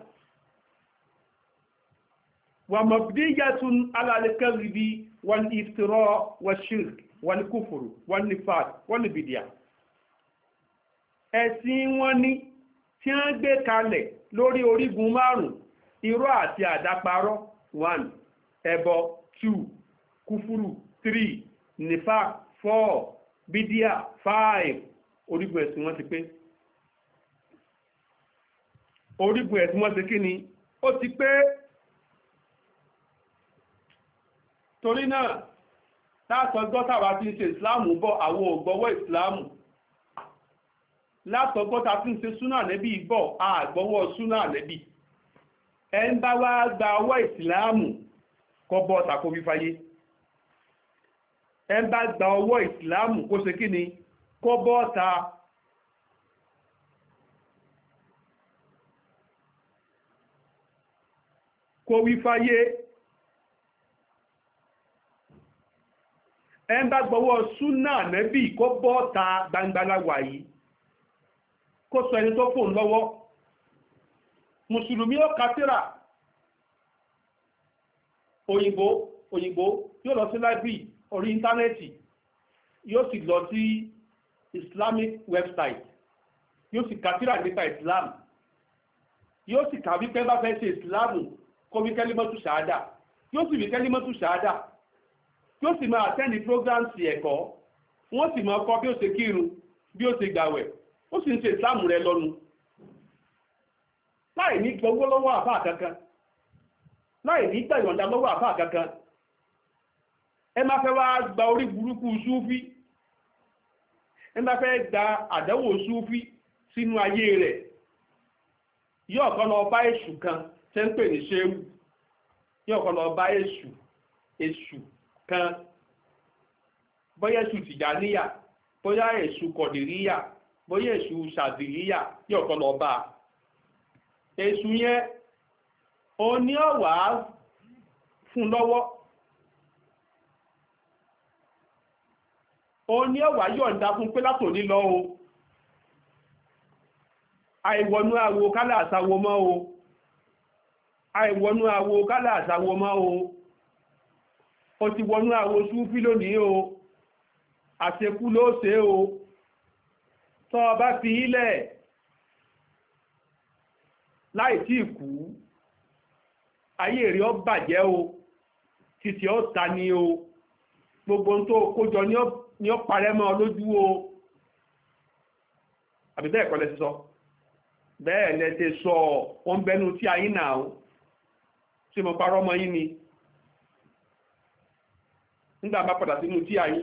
wàmọ̀bídíyàtún alálẹ́kẹ́rìbí والافتراء والشرك والكفر والنفاق والبدع ẹ̀sìn wọn ni tí wọ́n gbé kalẹ̀ lórí orígun márùn-ún irọ́ àti àdáparọ́ one ẹbọ two kúfúrú three nifaq four bídíà five orígun ẹ̀sìn wọn ti pé orígun ẹ̀sìn wọn ti kí ni ó ti pé torí náà látọjọ́ tàwa ti ń ṣe ìsìláàmù bọ̀ àwọn ògbọ́wọ́ ìsìláàmù látọjọ́ ta ti ń ṣe súnà nẹ́bí bọ̀ àgbọ́wọ́ súnà nẹ́bí ẹ ń bá wá gba ọwọ́ ìsìláàmù kó bọ́ tako fífayé ẹ ń bá gba ọwọ́ ìsìláàmù kó ṣe kí ni kó bọ́ ta kó wífayé ẹ ń bá gbọ́wọ́ súnà nẹ́bì kó bọ́ ta gbangbalawa yìí kó sọ ẹni tó fòun lọ́wọ́ mùsùlùmí ó kátírà òyìnbó òyìnbó yóò lọ sí láìbì orí íńtánẹ́ẹ̀tì yóò sì lọ sí islamic website yóò sì kátírà nípa islam yóò sì kà wípé bá fẹ́ ṣe islam kó wí kẹ́límọ́tù ṣáádà yóò sì wí kẹ́límọ́tù ṣáádà yóò sì máa tẹ́ni programs ẹ̀kọ́ wọ́n sì máa kọ́ bí ó ṣe kírun bí ó ṣe gbàwẹ̀ ó sì ń ṣe ìsìláàmù rẹ̀ lọ́nu láì ní gbogbo lọ́wọ́ àbá kankan láì ní gbàyọ̀ǹda lọ́wọ́ àbá kankan ẹ máa fẹ́ wá gba orí burúkú súfí ẹ máa fẹ́ gba àdánwò súfí sínú ayé rẹ̀ yóò kọ́ lọ bá èṣù kan tẹ́ ń pè ní ṣéwù yóò kọ́ lọ bá èṣù èṣù kan bóyá èṣù tìjàníyà bóyá kọ̀dìríyà bóyá èṣù ṣàdìlíyà yóò kọ́ lọ bá a yẹn ní ọ̀wá fún lọ́wọ́ o ní fún pé látòní lọ o àwo kálà mọ o. ó ti wọnú àwo súfí lónìí o àṣekú ló ṣe o tọ́ ọ bá fi ilẹ̀ láì tí ì kú ayé rí ọ bàjẹ́ o títí ọ ta ni o gbogbo tó kójọ ni ọ parẹ́ lójú o àbí bẹ́ẹ̀ kọ́ sọ bẹ́ẹ̀ lẹ sọ wọn bẹnu tí a yín nà mo parọ́ mọ́ ni nígbà bá padà sínú tí ayé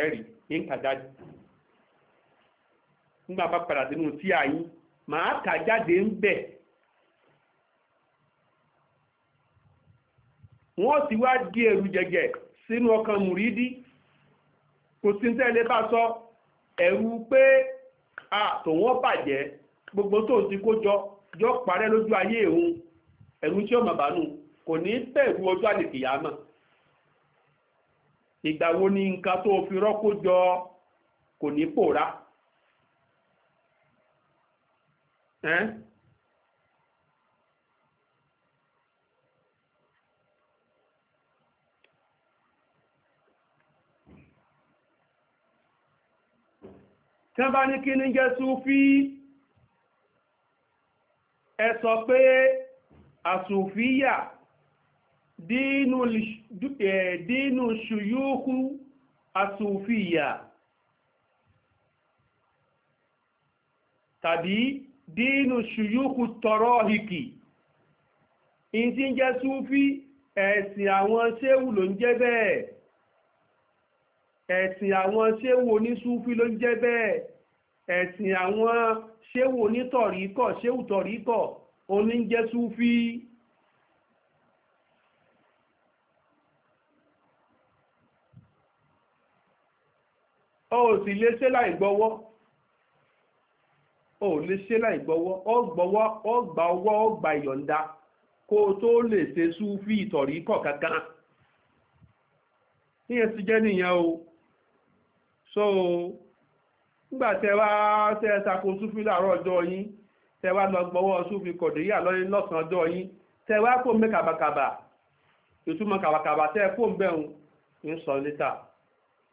ẹ̀rì nǹkan jáde nígbà bá padà sínú tí ayé màá kà jáde ń bẹ̀ wọ́n sì wá di ẹ̀rù jẹ̀gẹ̀ sínú ọkàn mùrídí kò sí ń tẹ́lẹ̀ bá sọ ẹ̀rù pé a tòun bàjẹ́ gbogbo tó ti kó jọ jọ parẹ́ lójú ayé òun ẹ̀rù tí ó mà bánú kò ní bẹ̀rù ọjọ́ àlèkìyà náà ìgbà wo ni nǹkan tó fi rọ́kó jọ kò ní pòórá tí bá ní kí ní jẹ́ súfí ẹ pé àsùfíyà dínú ṣùyúkú asòfíyà tàbí dínú ṣùyúkú tọrọhìkì in tí ń jẹ́ súfí ẹ̀sìn àwọn ṣéwù ló ń jẹ́ bẹ́ẹ̀ ẹ̀sìn àwọn ṣéwù onísúfí ló ń jẹ́ bẹ́ẹ̀ ẹ̀sìn àwọn ṣéwù onítọ̀ríkọ̀ ṣéwù tọ̀ríkọ̀ oníjẹ́ súfí. o ò sì lè ṣe láì gbọ́wọ́ o ò lè ṣe láì gbọ́wọ́ ó gbọ́wọ́ ó gba ọwọ́ ó gba ìyọ̀ǹda kó o tó lè ṣe súfì ìtọ̀rí kọ̀ kankan níyẹn ti jẹ́ nìyẹn o so nígbà tẹ wá tẹ ẹ tako súfì láàárọ̀ ọjọ́ yín tẹ wá lọ gbọ́wọ́ súfì kọ̀déyà lọ́yìn lọ́sàn-án ọjọ́ yín tẹ wá kó mẹ́ kàbàkàbà ìtumọ̀ kàbàkàbà tẹ kó ń bẹ̀rù ń sọ níta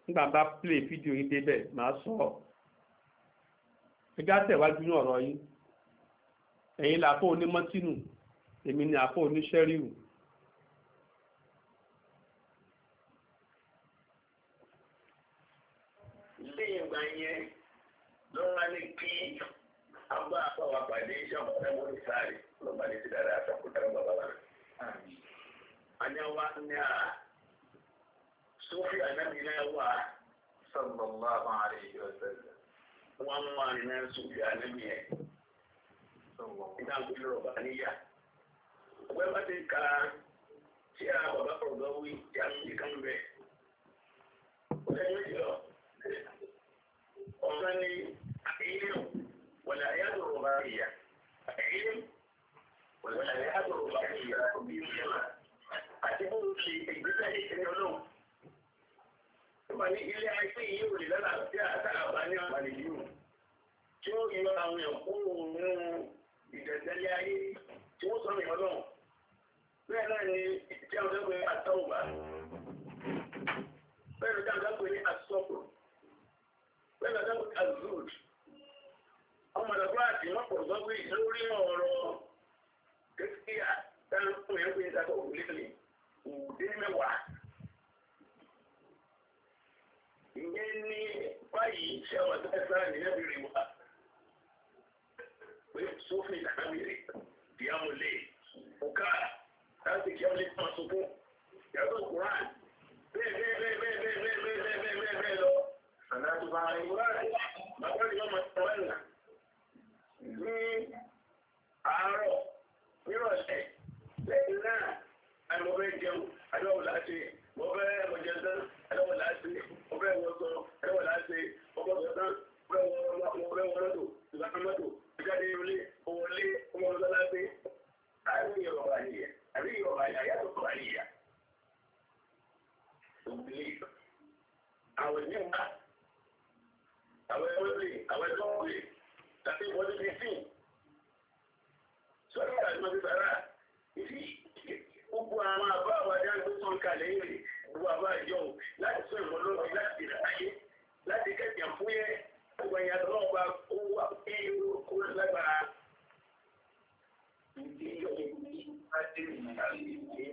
nígbà bá play fídíò yín débẹ̀ màá sọ ọ́ ẹgbẹ́ àtẹ̀wájú ní ọ̀rọ̀ yín ẹ̀yin làáfó onímọ́tínù èmi ni àáfó oníṣẹ́ríù lẹ́yìn ìgbà yẹn ló wá ní kí abá àpáwà pàdé iṣẹ́ ọ̀pọ̀lọpọ̀ mọ́ni sáré lọ́ba ní ti dára àtàkùn dára bàbá wa. àní àwa ní àá sófì ànábì náà wà sallallahu alaihi wa sallam wọ́n mú àrùn náà sófì ànábì yẹn ìdá ń gbé rọ̀bà níyà ọgbẹ́ bá ti ka tí a bàbá ọ̀dọ́ wí tí a ń bí kan bẹ́ẹ̀ ó lẹ́yìn méjì lọ ọ̀gá ni àìlè wọ̀lẹ̀ àyájọ́ rọ̀bà níyà àìlè wọ̀lẹ̀ àyájọ́ rọ̀bà níyà àti bó ṣe ìgbésẹ̀ ìṣẹ̀lẹ̀ ọlọ́run mà ní ilé ayé yìí ò lè lọ́la sí àtàwọn ní àpàlẹ̀ yìí tí ó yọ àwọn ẹ̀kọ́ òun ìdẹ̀tẹ̀lẹ̀ ayé tí ó sọ nìkan náà bẹ́ẹ̀ náà ni tí a fẹ́ pé àtọ́wà bẹ́ẹ̀ ni tí a fẹ́ pé ní asọ́pọ̀ bẹ́ẹ̀ ni a pé azud ọmọ ìdàgbà àti mọ́pọ̀ sọ lórí ọ̀rọ̀ kékeré àtàwọn ẹ̀kọ́ ìdàgbà òun ìyẹn ní báyìí ṣẹ́wọ̀n tó fẹ́ sára nìyẹn bèrè wá pé sófin ìdánáwìrì ìyàmùlé òkà láti kí ọlẹ́ máa sunkún yàtọ̀ kùrán bẹ́ẹ̀ bẹ́ẹ̀ bẹ́ẹ̀ bẹ́ẹ̀ bẹ́ẹ̀ bẹ́ẹ̀ bẹ́ẹ̀ bẹ́ẹ̀ bẹ́ẹ̀ bẹ́ẹ̀ bẹ́ẹ̀ lọ. àná tó bá ń kúrán bàbá mi máa tọ́ ẹ̀ nà ní àárọ̀ nírọ̀lẹ́ lẹ́yìn náà àìmọ̀fẹ́ jẹun àdéhùn láti mọ̀fẹ́ mọ̀jẹ̀dán àdéhùn láti ọ̀rẹ́ wọn sọ ẹwà láti ọgbọ́n sọ̀tán ọ̀rẹ́ wọn lọ́dọ̀ ìgbàkanmọ́tò ìjáde ilé owó ilé ọmọ ọ̀rẹ́ láti àárín ọ̀rọ̀ àyè àbí ọ̀rọ̀ àyè àyàtọ̀ ọ̀rọ̀ àyè àwọn ìdí nǹkan àwọn ẹgbẹ́ lè àwọn ẹgbẹ́ wọn lè tàbí ìwọlé fi sí sọ́dọ̀ àti mọ̀tẹ́sàrà ìdí gbogbo àwọn àbá àwọn àjá ń gbé sọ̀ǹkà lẹ́yìn rẹ̀ wà bá yọ láti fún ìmọ̀lọ́wọ́ láti rà ayé láti kẹ́kẹ́ fún yẹ gbogbo ẹ̀yà lọ́wọ́ bá owó irú kó lágbára. Ìdí yọ̀ ní adé ìyá ìdí jẹ́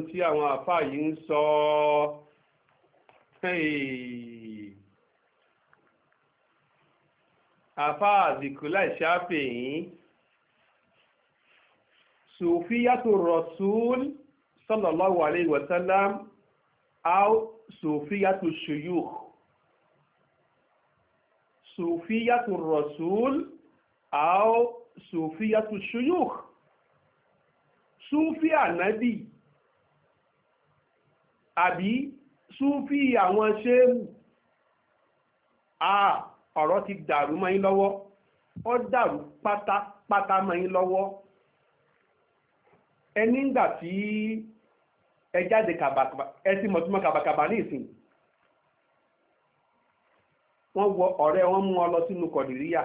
gbọ́n tí àwọn àfà yìí ń sọ àfà àzìkú láìsí àfihàn sùfíyàtò rọ̀súl sallallahu alayhi wa sallam aw sùfíyàtò shuyukh sùfíyàtò rọ̀súl aw sùfíyàtò shuyukh àbí súfì àwọn ṣéwù ọ̀rọ̀ ti dàrú mọ́ yín lọ́wọ́ ọ dàrú pátápátá mọ́ yín lọ́wọ́ ẹni ńgbà tí ẹ jáde kàbàkàbà ẹ ti kàbàkàbà ní ìsìn wọ́n wọ ọ̀rẹ́ wọn mú ọ lọ sínú kọ̀dìríyà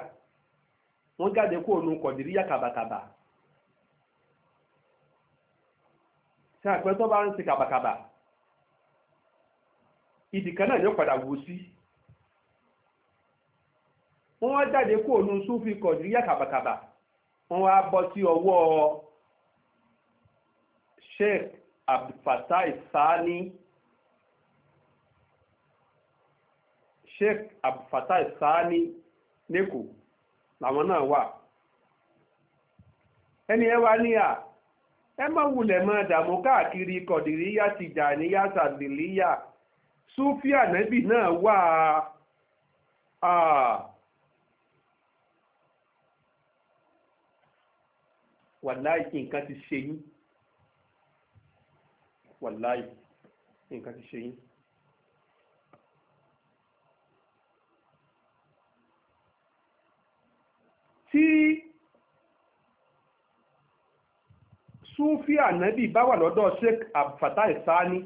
wọ́n jáde kó ònú kọ̀dìríyà kàbàkàbà ṣe àpẹẹrẹ tó bá ń ṣe kàbàkàbà ibìkan náà ni ó padà wò sí wọ́n wá jáde kó ònú súnfì kọ̀díríyà kàbàkàbà wọ́n wá bọ́ sí ọwọ́ Sheikh Abdulfatai Sani Sheikh Abdulfatai Sani lẹ́kọ̀ọ́ làwọn náà wà ẹni ẹ wá ní à ẹ má wulẹ̀ máa dààmú káàkiri kọ̀díríyà tìjà níyà sàdìlíyà súfì ànábì náà wà á wàláì nǹkan ti ṣe yín wàláì nǹkan ti ṣe yín. tí súfì ànábì bá wà lọ́dọ̀ sheikh abdulfatah sani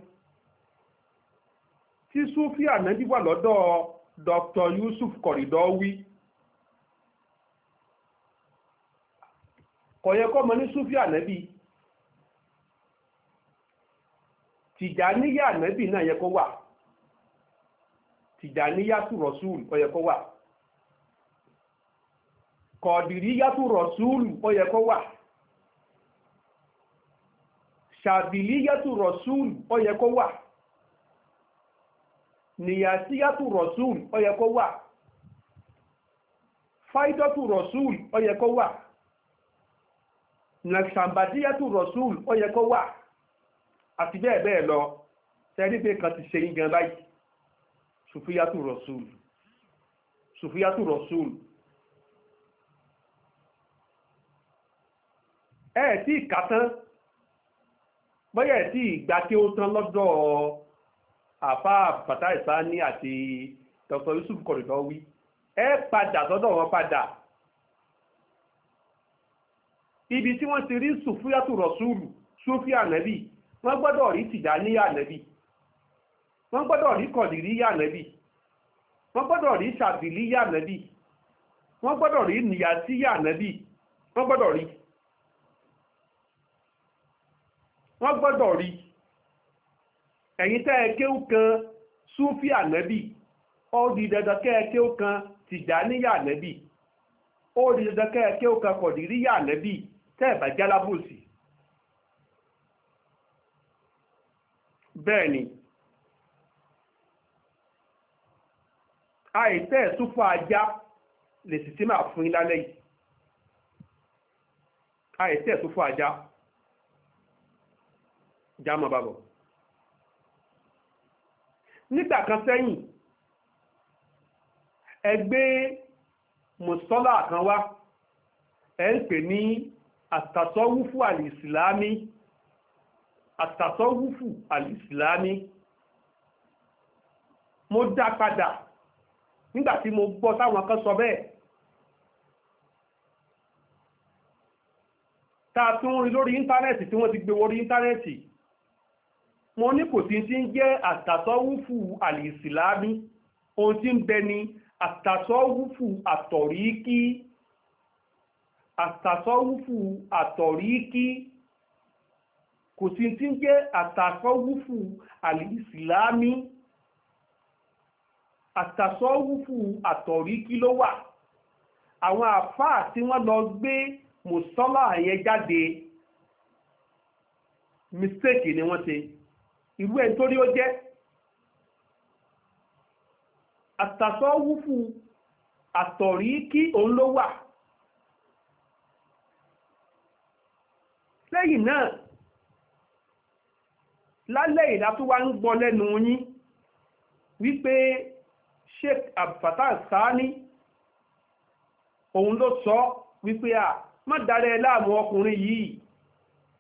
tí sufi ànábì wà lọ́dọ̀ Dr. Yusuf Kọ̀rìdọ́wí kò yẹ kọ́ mọ ní sufi ànábì tìjàníyà ànábì náà yẹ kó wà tìjàníyà tù rọ̀súùlù ó yẹ kó wà kọ̀dìríyà tù rọ̀súùlù ó yẹ kó wà ṣàbìlíyà tù rọ̀súùlù ó yẹ kó wà nìyàsíyàtù rọ̀súùl ó yẹ kó wà fáìdọ́tù rọ̀súùl ó yẹ kó wà nàṣàmbàdíyàtù rọ̀súùl ó yẹ kó wà àti bẹ́ẹ̀ bẹ́ẹ̀ lọ tẹ́rí pé kan ti ṣe yín gan báyìí sùfíyàtù rọ̀súùl sùfíyàtù rọ̀súùl ẹ̀ẹ̀tì ìkàtán bọ́yẹ̀ tí tán lọ́dọ̀ ọ́ àfa bàtà ìsáni àti Dr. Yusuf kọ̀dùtọ̀ wí ẹ padà sọ́dọ̀ wọn padà ibi tí wọn ti rí sùfúyàtù rọ̀súùlù sùfí ànẹ́bì wọ́n gbọ́dọ̀ rí tìjání ànẹ́bì wọ́n gbọ́dọ̀ rí kọ̀dìrí ànẹ́bì wọ́n gbọ́dọ̀ rí sàbìlì ànẹ́bì wọn gbọdọ rí nìyàtí ànẹ́bì wọ́n gbọ́dọ̀ rí wọn gbọdọ rí. ẹ̀yin tẹ́ ẹ kéwú kan súfì ànẹ́bì ó di dandan kẹ́ ẹ kéwú kan tìjàníyà ànẹ́bì ó di dandan kẹ́ ẹ kéwú kan kọ̀dìríyà ànẹ́bì tẹ́ ẹ̀ bá jálábòsì. bẹ́ẹ̀ ni àìtẹ́ ẹ̀súnfọ́ ajá lè sì sí máa fún ilá lẹ́yìn àìtẹ́ ẹ̀súnfọ́ ajá já mọ́ bàbọ̀ nígbà kan sẹ́yìn ẹgbẹ́ mùsọ́lá kan wá ẹ ń pè ní àtàsọ́wúfù àlìsìlámí àtàsọ́wúfù àlìsìlámí mo dá padà nígbà tí mo gbọ́ táwọn kan sọ bẹ́ẹ̀ tá tún rí lórí íńtánẹ́ẹ̀tì tí wọ́n ti gbé wọrí íńtánẹ́ẹ̀tì mo ní kò tí tí ń jẹ́ àtàtọ́wúfù àlìsìláàmí ohun tí ń bẹ ni àtàtọ́wúfù àtọ̀ríkí àtàtọ́wúfù àtọ̀ríkí kò tí tí ń jẹ́ àtàtọ́wúfù àlìsìláàmí àtàtọ́wúfù àtọ̀ríkí ló wà àwọn àfáà tí wọ́n lọ gbé mùsọ́lá yẹn jáde mistake ni wọ́n ṣe ìlú ẹ̀ torí ó jẹ́ àtàsọ́wúfù àtọ̀rí kí òun ló wà lẹ́yìn náà lálẹ́ ìlà tó wá ń gbọ́ lẹ́nu yín wípé Sheikh Abdulfatah Sani òun ló sọ wípé à má darẹ̀ láàmú ọkùnrin yìí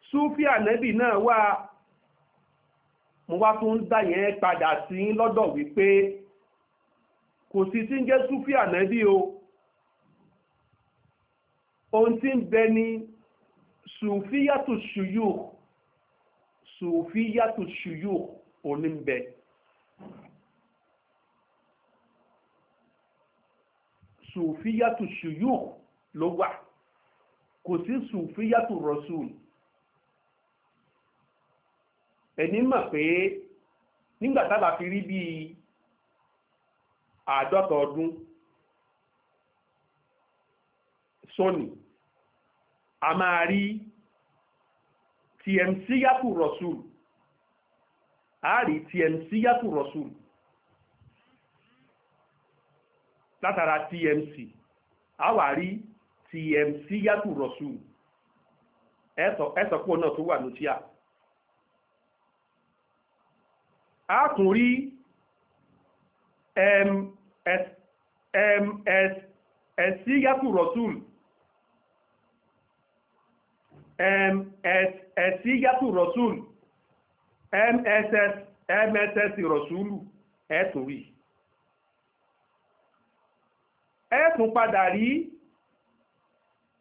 súfí ànẹ́bì náà wà mo wá tún ń dá yẹn padà sí lọ́dọ̀ wípé kò sí tí ń jẹ́ súfì ànábì o ohun tí ń bẹ ní sùfíyàtù ṣùyù sùfíyàtù ṣùyù òní ń bẹ. sùfíyàtù ṣùyù ló wà kò sí sùfíyàtù rọ̀ṣùlù ẹni mọ̀ pé nígbà tábà fi rí bíi àádọ́ta ọdún sóní a máa rí tmc yàtù rọ̀ṣùl a tmc yàtù rọ̀ṣùl látara tmc a wà rí tmc yàtù rọ̀ṣùl ẹ̀sọ̀pọ̀ náà tó wà ní tíyà a tún rí ẹ̀sí yàtù rọ̀túl ẹ̀sí yàtù rọ̀túl mss mss rọ̀túlù ẹ tún rí ẹ tún padà rí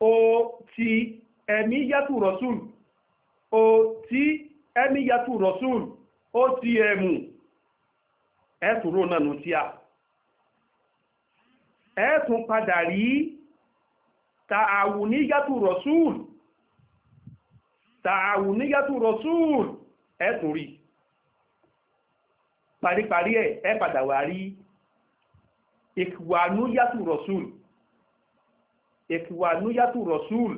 o ti ẹ̀mí yàtù rọ̀túl o ti ẹ̀mí yàtù otm ẹ̀tùrò náà nù tí a ẹ̀tùn padà rí tààwùníyàtù rọ̀súùl tààwùníyàtù rọ̀súùl ẹ̀tùn rí paríparí ẹ̀ ẹ̀ padà wà rí ìkìwànúyàtù rọ̀súùl ìkìwànúyàtù rọ̀súùl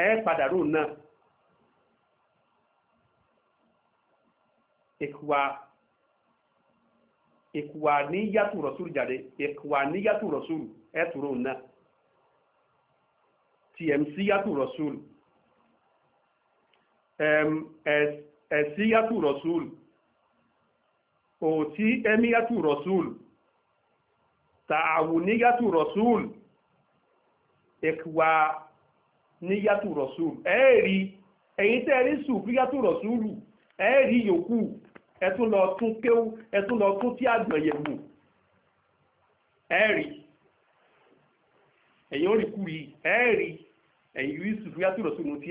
ẹ padà rò náà ìkùwà ìkùwà ní yàtù rọ̀súrù jáde ìkùwà ní yàtù rọ̀súrù ẹ tù rò náà tmc yàtù rọ̀súrù ẹ̀sí yàtù rọ̀súrù òtí ẹmí yàtù rọ̀súrù tààwù ní yàtù rọ̀súrù ìkùwà ní yàtù rọ̀súlù ẹ̀ẹ́rí ẹ̀yìn tẹ́ rí sùn fún yàtù rọ̀súlù ẹ̀ẹ́rí yòókù ẹ̀tún lọ tún kéwú ẹ̀tún lọ tún tí àgbọ̀n yẹ̀wò ẹ̀ẹ́rí ẹ̀yìn orí kù yìí ẹ̀ẹ́rí ẹ̀yìn rí sùn yàtù rọ̀súlù tí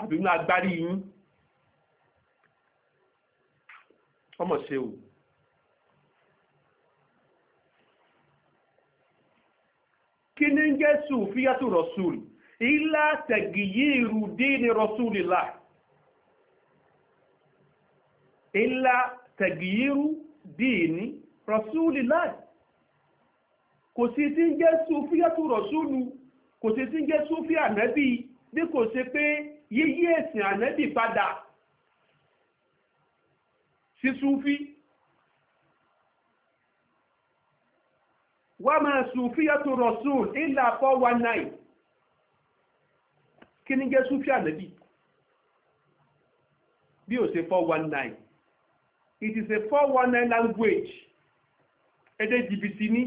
àbí nínú agbárí yín ọmọ ṣe o. kí ní ń jẹ́ sùfíyàtù rọ̀súl ilá tẹ̀gìyí ìrùdí ni rọ̀súlìlá ilá tẹ̀gìyí ìrùdí ni rọ̀súlìlá kò sí tí ń jẹ́ sùfíyàtù rọ̀súlù kò sí tí ń jẹ́ ànẹ́bí bí kò ṣe pé yíyí ẹ̀sìn ànẹ́bí padà sí Si wọ́n máa sùfíyàtò rọ̀sùl ìlà 419 kí ní jẹ́ sùfíà nẹ́bí bí ó ṣe 419 it is a 419 language èdè jìbìtì ní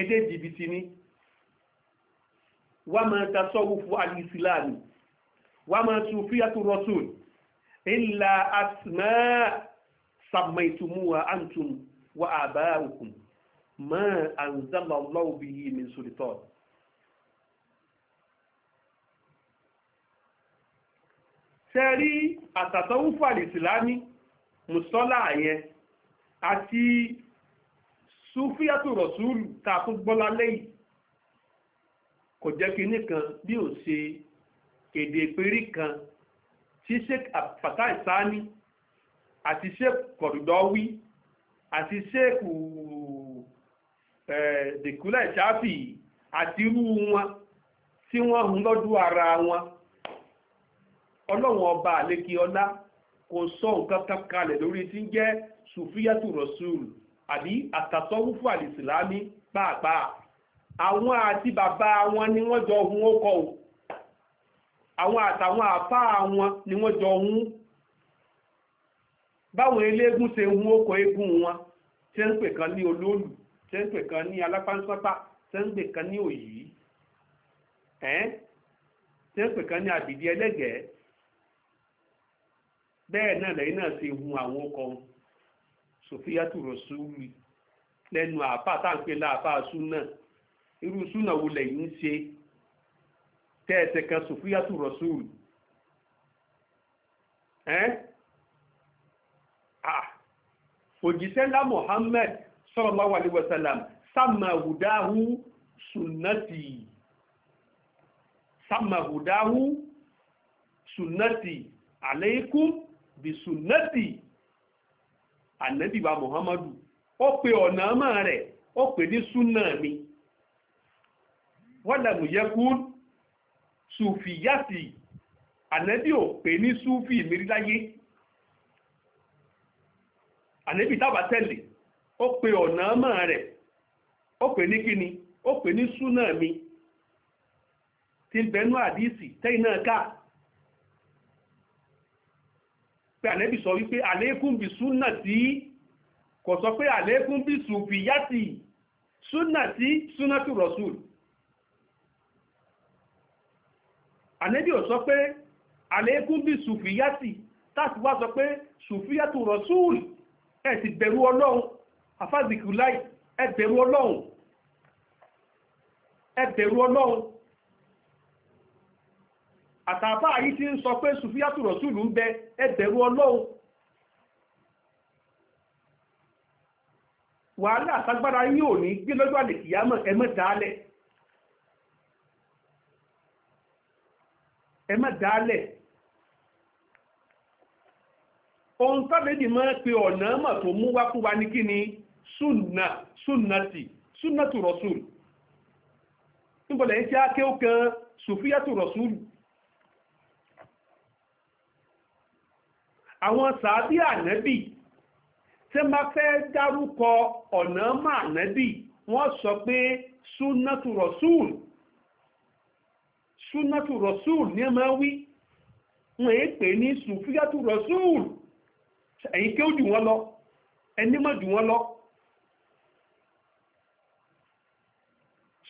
èdè jìbìtì ní wọ́n máa tasọ́wọ́fù alìsìláàmì wọ́n máa sùfíyàtò rọ̀sùl ìlà asmáà sàmẹ̀tùmúwa antum wa àbáyàwòkùn mọ́ àǹzálà ọlọ́wọ́ bí i mi sòrìtọ́ sẹ́rí àtàtọ́wúfà ìsìlámì mùsọ́lá yẹn àti súfíàtò rọ̀súùlù tá a tún gbọ́lá lẹ́yìn kò jẹ́ kí nìkan bí ò ṣe èdè ìpérí kan sani àti sheikh kọ̀dùdọ́wí àti sheikh dèkúlẹ̀ ṣáfì àti irú wọn tí wọ́n hun lọ́dún ara wọn ọlọ́run ọba àlékí ọlá kò sọ nǹkan kan kalẹ̀ lórí tí ń jẹ́ sufiyatu rasul àbí àtàtọ́wúfù àlìsìlámí pàápàá àwọn àti bàbá wọn ni wọ́n jọ hun ó kọ́ o àwọn àtàwọn àfáà wọn ni wọ́n jọ hun báwọn eléégún ṣe hun okò eégún wọn ṣe ń pè kan ní olóòlù ṣe ń pè kan ní alápánsọ́tà ṣe ń pè kan ní òyì ṣe ń pè kan ní àbìdí ẹlẹ́gẹ̀ẹ́ bẹ́ẹ̀ náà lẹ́yìn náà ṣe hun àwọn okò sofiyatu rosuli lẹ́nu àáfà táǹpé láàfà súnà irú súnà wo lẹ́yìn ṣe tẹ́ẹ̀sẹ̀ kan sofiyatu rosuli ẹ́ òjíṣẹ́lá Muhammad sallallahu alaihi wasallam sàmàhùdáhù sunnati sàmàhùdáhù sunnati aleikum bi sunnati ànábìwá Muhammadu ó pe ọ̀nà ọmọ rẹ̀ ó pè ní súnà mi wọ́n lẹ́nu yẹkún sùfìyàtì ànábì ò pè ní sùfì mi ànẹ́bí tábà tele ó pe ọ̀nà mọ́ rẹ̀ ó pè ní kíni ó pè ní súnà mi ti bẹnu àdíìsì tẹ́yìn náà ká pé ànẹ́bí sọ wípé àlékún bí súnà tí kò sọ pé àlékún bí súnà tí súnà ànẹ́bí ò sọ pé àlékún bí wá sọ pé ẹ sì bẹ̀rù ọlọ́run àfàzìkù láì ẹ bẹ̀rù ọlọ́run ẹ ọlọ́run yìí ti ń sọ pé sùfíàtù rọ̀tùlù ń bẹ ẹ bẹ̀rù ọlọ́run wàhálà ò ní gbé lọ́jọ́ àlè ẹ ohun tábìlì máa pe ọ̀nà mọ̀ tó mú wá fún wa ní kí ni súnà súnàtì súnàtù rọ̀sùl nígbọ̀lẹ̀ yìí tí a kéwò kan sùfíyàtù rọ̀sùl àwọn sàábí ànábì tí ma fẹ́ dárúkọ ọ̀nà mọ̀ ànábì wọ́n sọ pé súnàtù rọ̀sùl súnàtù rọ̀sùl ní ẹ máa wí wọ́n èé pè ní sùfíyàtù rọ̀sùl ẹ̀yin kí ó jù wọ́n lọ ẹni mọ̀ jù wọ́n lọ.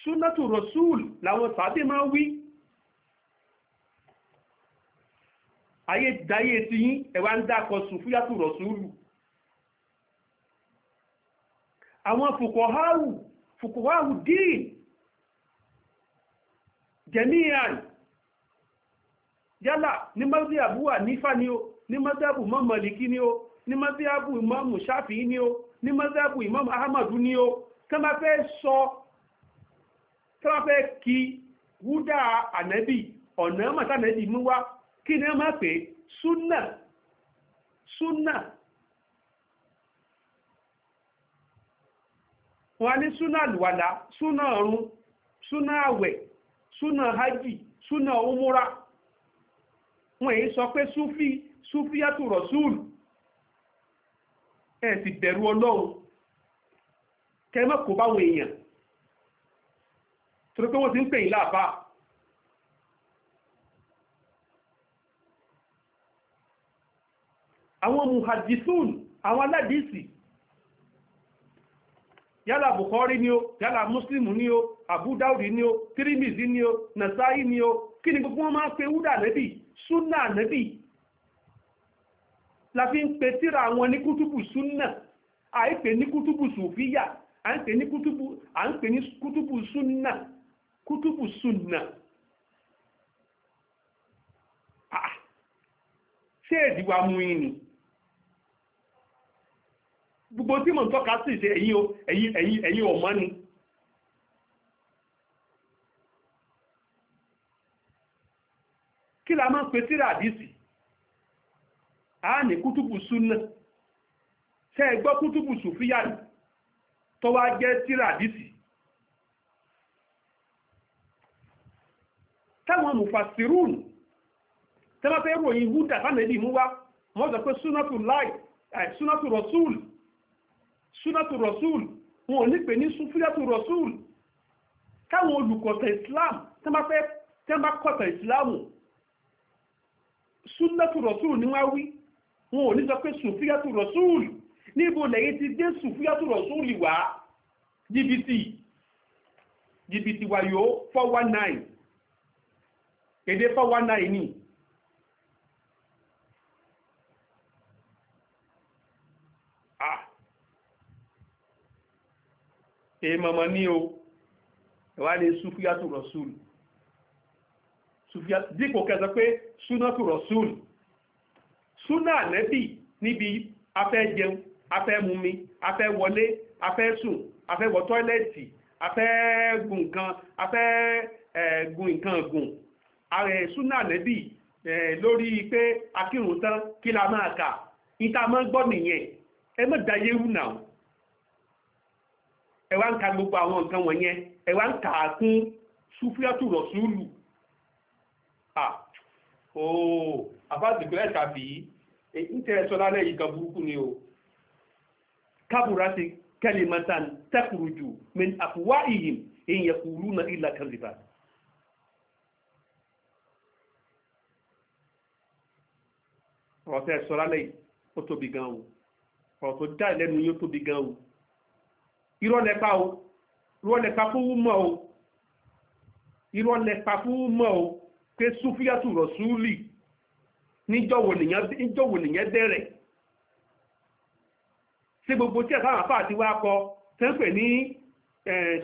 súnátù rọ̀súùl làwọn sàádé máa wí ayé dayé ti yín ẹ̀wà ń dákọ̀ sùn fúyàtù rọ̀súùlù àwọn fùkọ̀háwù fùkọ̀háwù díì jẹ̀míyàn yálà ní mọ́sí àbúwà nífà ni o ní mazabu mọ́ maliki ni o ní mazabu ìmáàmù shafi ni o ní mazabu ìmáàmù hamadu ni o tí fẹ́ sọ tí fẹ́ kí wúdà ànẹ́bì ọ̀nà mọ̀sánẹ́bì mú wá kí ni suna máa pè súnà súnà wọ́n ní súnà suna súnà ọ̀run súnà àwẹ̀ súnà hajj súfíàtù rọ̀súùl ẹ̀ sì bẹ̀rù ọlọ́run kẹ́mọ́ kò báwọn èèyàn torí pé wọ́n ti ń pè yín láàbá àwọn muhadisun àwọn aládìsì yálà bukhari ni o yálà muslimu ni o abudaudi ni o tirimizi ni o nasai ni o kí ni gbogbo wọn máa ń pe wúdà nẹ́bì súnà nẹ́bì la fi ń pe tíra àwọn ní kútùbù súnà à ń pè ní kútùbù sùfíyà à ń pè ní kútùbù súnà kútùbù súnà ah, ah. ṣé èdìwà mú yín ni gbogbo tí mò ń tọ́ka sí ṣe ẹ̀yìn ọ̀mọ́ ni kí la máa ń pe tíra àdísì a ní kútùbù súnà ṣe é gbọ́ kútùbù sùfíyàn tó wá jẹ́ tíradìsì táwọn mufasirun tẹ́lá fẹ́ ròyìn húdà fánàlì mú wá wọ́n sọ pé súnàtù láì súnàtù rọ̀súùl súnàtù rọ̀súùl wọn ò ní pè ní súnfíyàtù rọ̀súùl táwọn olùkọ̀tẹ̀ islam tẹ́lá fẹ́ islam súnàtù rọ̀súùl ni wọ́n wí wọn ò ní sọ pé sùfíàtù rọ̀súùlù níbo lẹ́yìn ti dé sùfíàtù rọ̀súùlù wá jìbìtì jìbìtì wàyó 419 èdè 419 ni èèmọ̀mọ̀ ní o ẹ̀wà ní sùfíàtù rọ̀súùlù dípò kẹsàn pé súnátù rọ̀súùlù súnà ànẹ́bì níbi afẹ́ jẹun afẹ́ mumi afẹ́ wọlé afẹ́ sùn afẹ́ wọ tọ́ílẹ̀tì afẹ́ gun nǹkan afẹ́ gun nǹkan gùn ààrẹ súnà ànẹ́bì lórí pé akírun tán kí la máa kà níta máa ń gbọ́ nìyẹn ẹ má da yéwu náà ẹ wá ń ka gbogbo àwọn nǹkan wọ̀nyẹn ẹ wá ń kà á kún súfúyàtù rọ̀ṣúlù ah ooo àbá dìgbò ẹ̀ tàbí èyí tẹ́ lálẹ́ yìí kan burúkú ni o kábùrà ti kalimatan takuruju min afwaihim in yaquluna illa kadhiba. ọ̀rọ̀ tẹ́ ẹ sọ lálẹ́ yìí ó tóbi gan o ọ̀rọ̀ tó dá ìlẹ́nu yóò fún mọ́ o irọ́ lẹ́pa rọ̀ súúlì níjọ́wò nìyẹn bẹ̀rẹ̀ sí gbogbo tí ẹ̀sáwọn àfáà ti wá kọ tí ń pè ní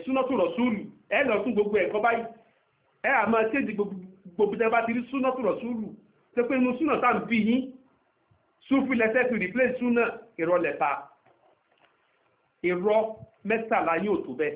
súnátùrọ̀súlù ẹ lọ fún gbogbo ẹ̀kọ́ báyìí ẹ àmọ́ tẹ́jì gbogbo tẹ́ bá ti rí súnátùrọ̀súlù tí pé inú súnà tá ń bí yín súnfì lẹ́sẹ̀ fi replace súnà ìrọ̀lẹ̀ta ìrọ̀ mẹ́tàlá yóò tó bẹ́ẹ̀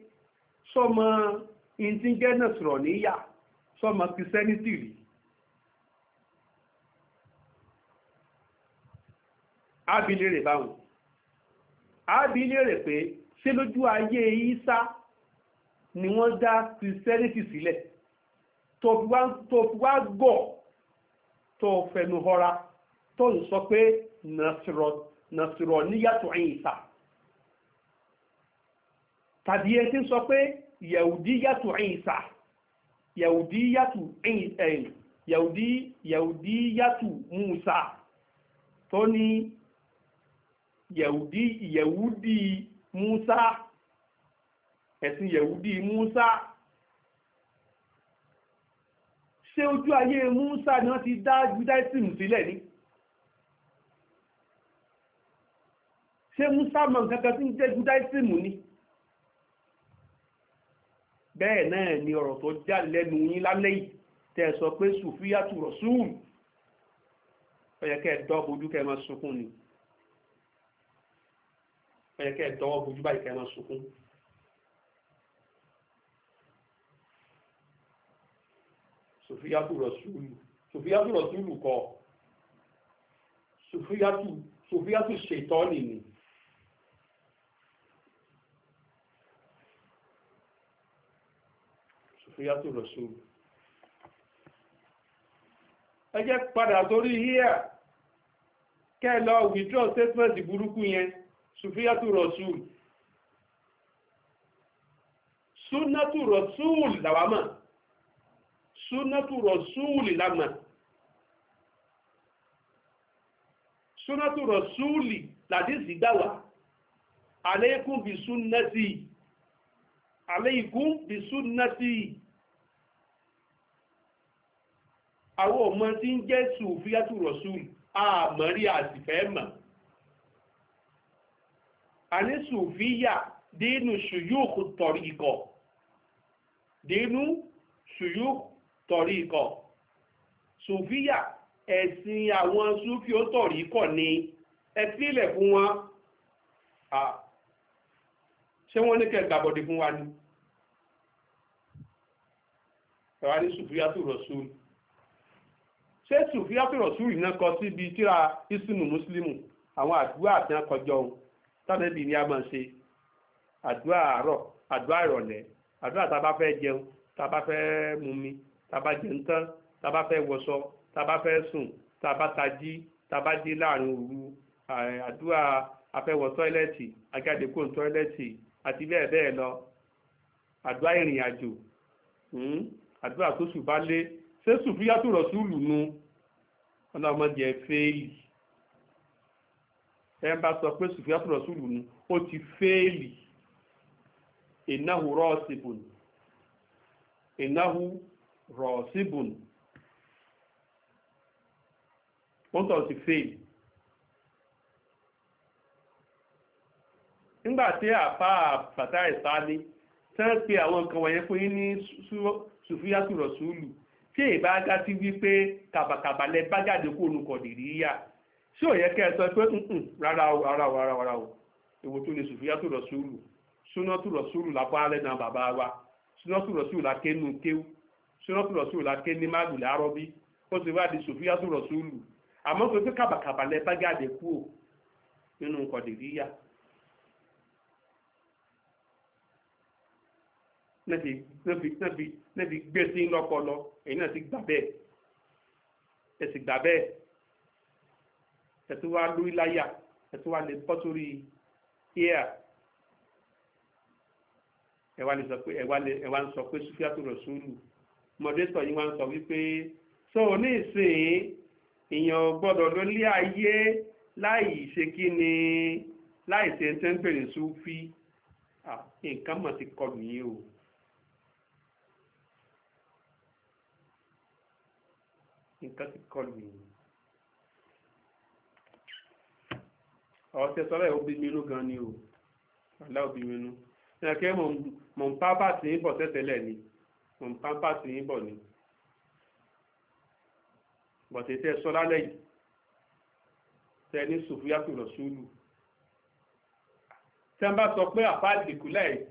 sọmọ indigenous rọ̀ níyà sọmọ christianity rí ábílẹ̀ rẹ̀ báwọn ábílẹ̀ rẹ̀ pé ṣé lójú ayé Ìsá ni wọ́n dá christianity sílẹ̀ tó fi wá gọ̀ tó fẹnu họra tó ń sọ pé nàṣìrọ̀ níyàtọ̀ Ìsá tàbí ẹ ti ń sọ pé yahudi yàtù ìsà yahudi yàtù yahudi musa tó ní yahudi yahudi musa ẹ̀sìn yahudi musa ṣé ojú ayé musa ni wọ́n ti dá judaism sílẹ̀ ni. ṣé musa mọ̀ nǹkan kan tí ń jẹ́ judaism ni bẹ́ẹ̀ náà ni ọ̀rọ̀ tó já lẹ́nu yín lálẹ́ yìí tẹ́ ẹ sọ pé sùfíyàtù rọ̀súùl ó yẹ kẹ́ ẹ dọ́ bojú kẹ́ ẹ máa sunkún ni ó yẹ kẹ́ ẹ dọ́wọ́ bojú báyìí kẹ́ ẹ máa sunkún. sùfíyàtù rọ̀súùl sùfíyàtù rọ̀súùl kọ́ sùfíyàtù sùfíyàtù ṣètọ́ nìyí. khiyatu rasul ẹ padà sórí híà kẹ́ withdraw statement burúkú yẹn sufiyatu rasul súnátù rọ̀súùlì làwámọ̀ súnátù rọ̀súùlì lámọ̀ súnátù bí súnátì aléìkún bí súnátì àwọn ọmọ tí ń jẹ́ sùfíàtù rọ̀súùlù àmọ́rí àsìfẹ́ mọ̀ àní sùfíyà dínú ṣùyúùkù tọ̀rí ikọ̀ dínú ṣùyúùkù tọ̀rí ikọ̀ sùfíyà ẹ̀sìn àwọn sùfí tọ̀rí ikọ̀ ni ẹ sílẹ̀ fún wọn ṣé wọ́n ní kẹ́ fún wa ni ẹ̀wá ní sùfíyà tó ṣé sùfíàtò rọ̀ṣúrì náà kọ síbi tíra ìsìnù mùsùlùmù àwọn àdúrà tí wọ́n kọjọ ohun tánàbì ni a máa ṣe àdúrà àárọ̀ àdúrà ìrọ̀lẹ́ àdúrà tá a bá fẹ́ jẹun tá a bá fẹ́ mumi tá a bá jẹun tán tá a bá fẹ́ wọṣọ tá a bá fẹ́ sùn tá a bá tají tá a bá dé láàrin òru àdúrà afẹ́wọ̀ tọ́ílẹ̀tì agadeko tọ́ílẹ̀tì àti bẹ́ẹ̀ bẹ́ẹ̀ lọ àdúrà ìrìn àjò hmm, àdúrà tó sùn bá lé ṣé sùfíyàtò rọ̀ṣúlù nu ọlọ́mọdé fẹ́ẹ̀lì ẹ bá sọ pé sùfìyàtò rọ̀ṣùlù ni ó ti fẹ́ẹ̀lì ìnáhu rọ́ọ̀sìbùn ìnáhu rọ́ọ̀sìbùn wọ́n tọ̀ ti fẹ́ẹ̀lì. nígbà tí àpá bàtà ìsáni tẹ́ ń àwọn nǹkan wọ̀nyẹn fún yín ní sùfìyàtò rọ̀ṣùlù tí ìbá ga sí wípé kàbàkàbà lẹ bá jáde kó olùkọ́ dìríyà ṣé ò yẹ kẹ́ sọ pé rárá o rárá o rárá o èwo tó lè sùfúyà tó lọ sùúrù súná tó lọ sùúrù lápá alẹ́ bàbá wa súná tó lọ sùúrù láké nù kéwù súná tó lọ sùúrù láké ní máàlù làárọ̀ ó ti wá di sùfúyà tó lọ sùúrù àmọ́ pé kàbàkàbà lẹ bá jáde kú nínú kọ̀dìríyà náà fi gbé sí lọ́pọlọ èyí náà ti gbà bẹ́ẹ̀ ẹ sì gbà bẹ́ẹ̀ ẹ tún wá lórí láyà ẹ tún wá lè bọ́ sórí air ẹ wá sọ pé ẹ wá lè ẹ wá sọ sufiatu rasulu mọ̀dẹ́tọ̀ yìí wá ń sọ wípé so ní ìsìn èèyàn gbọ́dọ̀ lólé ayé láì ṣe kí ni láì ṣe ń tẹ́ ń pè ní nǹkan mọ̀ ti kọlù yín o. nǹkan ti kọlù mi ọ̀sẹ̀ sọ́lá ìwọ́n bí mi inú gan ni o ọ̀lá òbí mi ẹ̀kẹ́ mò ń pápá sí ń bọ̀ tẹ́tẹ́lẹ̀ ni mò ń pápá sí ń bọ̀ ni bọ̀tẹ̀ tẹ́ sọ́lá lẹ́yìn tẹ́ ní sùfúyàtò lọ sùúlù tẹ́ ń bá sọ pé àpá ìdìkú lẹ́yìn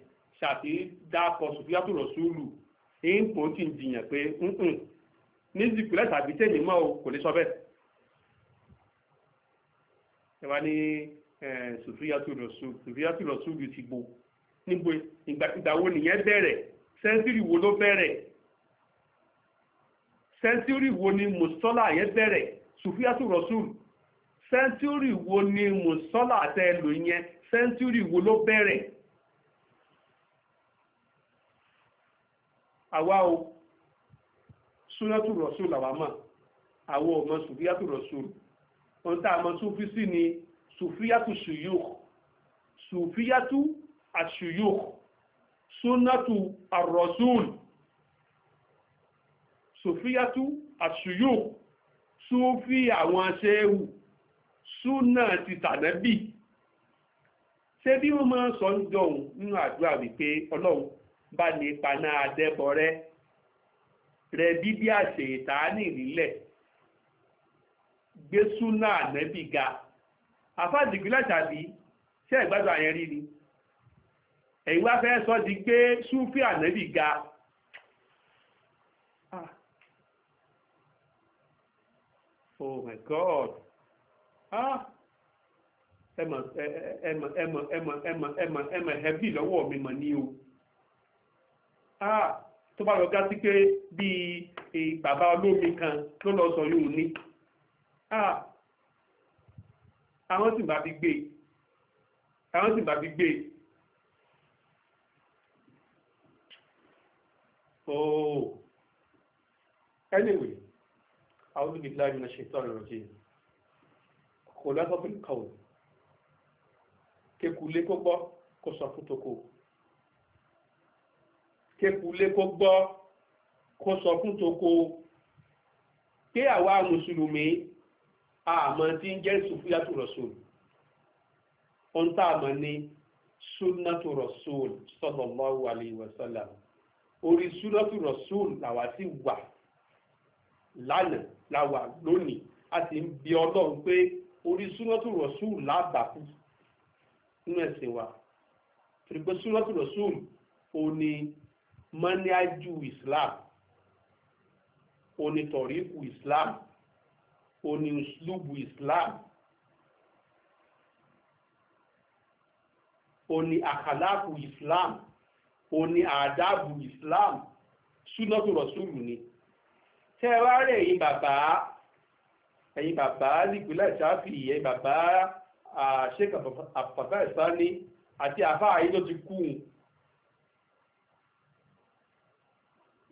ṣàtì dákọ̀ sùfúyàtò lọ sùúlù èyí ń pò ó ti ń jiyàn pé ní zikulẹ̀ tàbí tèmi mọ́ o kò lè sọ bẹ́ẹ̀ ẹ wá ní sùfíyàtò lọ́sùn sùfíyàtò lọ́sùn lù ti gbó níbo ìgbà wo nìyẹn bẹ̀rẹ̀ sẹ́ńtúrì wo ló bẹ̀rẹ̀ sẹ́ńtúrì wo ni mùsọ́là yẹn bẹ̀rẹ̀ sùfíyàtò lọ́sùn wo ni mùsọ́là tẹ́ lò yẹn sẹ́ńtúrì wo ló bẹ̀rẹ̀ àwa o súnátù rọ̀ṣù làwà mọ̀ àwọn ọmọ sùfíyàtù rọ̀ṣù ohun tá a mọ̀ súnfí sí ni sùfíyàtù ṣùyùk sùfíyàtù àṣùyùk súnátù àrọ̀ṣùl sùfíyàtù àṣùyùk súnfí àwọn ṣéwù súnà ti tànẹ́bì ṣé bí wọ́n máa ń sọ ń jọun nínú àdúrà wípé ọlọ́run bá ní paná adẹ́bọrẹ́ rẹ bíbí àṣẹ ìtaánì nílẹ̀ gbé súnà ànẹ́bì ga àfáàdìgbì látàbí ṣé ìgbádùn àyẹn rí ni ẹ̀yin wá fẹ́ sọ di gbé súnfì ànẹ́bì ga oh my god ah ẹmọ ẹmọ ẹmọ ẹmọ ẹmọ ẹmọ ẹmọ ẹbí lọ́wọ́ mi mọ̀ ní o ah tó bá lọ gá sí pé bíi bàbá olómi kan ló lọ sọ yóò ní àwọn sì bá fi gbé àwọn sì bá fi gbé ooo anyway àwọn olùdílá ìrìnà ṣètò ọ̀rọ̀ jẹ́ kò lọ́sọ̀bìnrin kàwọ̀ kékulé kó gbọ́ kó sọ fún toko kékulé kó gbọ́ kó sọ fún toko pé àwa mùsùlùmí àmọ́ tí ń jẹ́ sùfúyàtò rọ̀sùn ohun tá a mọ̀ ní sunnatu rọ̀sùn sallallahu alayhi wa sallam orí sunnatu rọ̀sùn làwa sì wà lánàá làwà lónìí a sì ń bi ọlọ́run pé orí sunnatu rọ̀sùn lábàkú nínú ẹ̀sìn wa torí pé sunnatu rọ̀sùn ò mọ́níájú islam onítọ̀ríkù islam oníṣlúbù islam oní àkàlákù islam oní àdábù islam súnátù rọ̀súlù ni tẹ́ wá rẹ̀ ẹ̀yin bàbá ẹ̀yin bàbá nípínlẹ̀ ìsáfì ẹ̀yin bàbá àṣekà àpàtà ìsáni àti àfáà yìí tó ti kú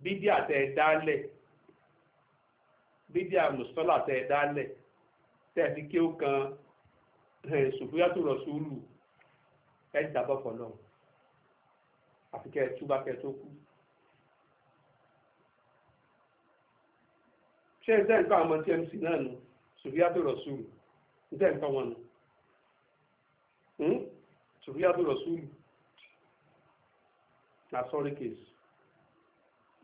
bídíà tẹ ẹ dálẹ̀ bídíà mùsọ́là tẹ ẹ dálẹ̀ tẹ ẹ fi kí ó kan ṣùgbọ́yàtò rọ̀ṣúlù ẹ dàbọ̀ pọ̀ náà àfi kẹ́ ẹ túbà kẹ́ ẹ tó kú. ṣé ẹ dẹ́n kọ́ àwọn tmc náà nù ṣùgbọ́yàtò rọ̀ṣúlù dẹ́n kọ́ wọn nù ṣùgbọ́yàtò rọ̀ṣúlù na sorry case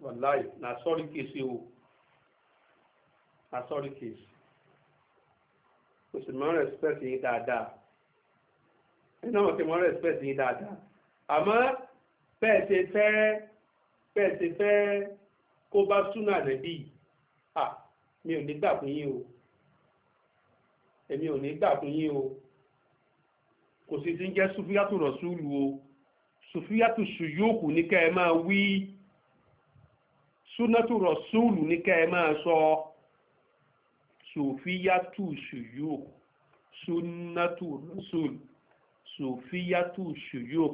wallahi na sorry case o na sorry case o sì máa ń respect yín dáadáa ẹni náà mọ̀ pé mo ń respect yín dáadáa àmọ́ bẹ́ẹ̀ ṣe fẹ́ bẹ́ẹ̀ ṣe fẹ́ kó bá súnà nẹ́bí à mi ò ní gbà fún yín o èmi ò ní gbà fún yín o kò sì ti ń jẹ́ sufiyatu rọ̀ṣúlù o sufiyatu ṣùyókù ní kẹ́ ẹ máa wí súnátù rọ̀súùlù ní kẹ́ ẹ máa sọ sòfíyàtù ṣùyò súnátù rọ̀súùlù sòfíyàtù ṣùyò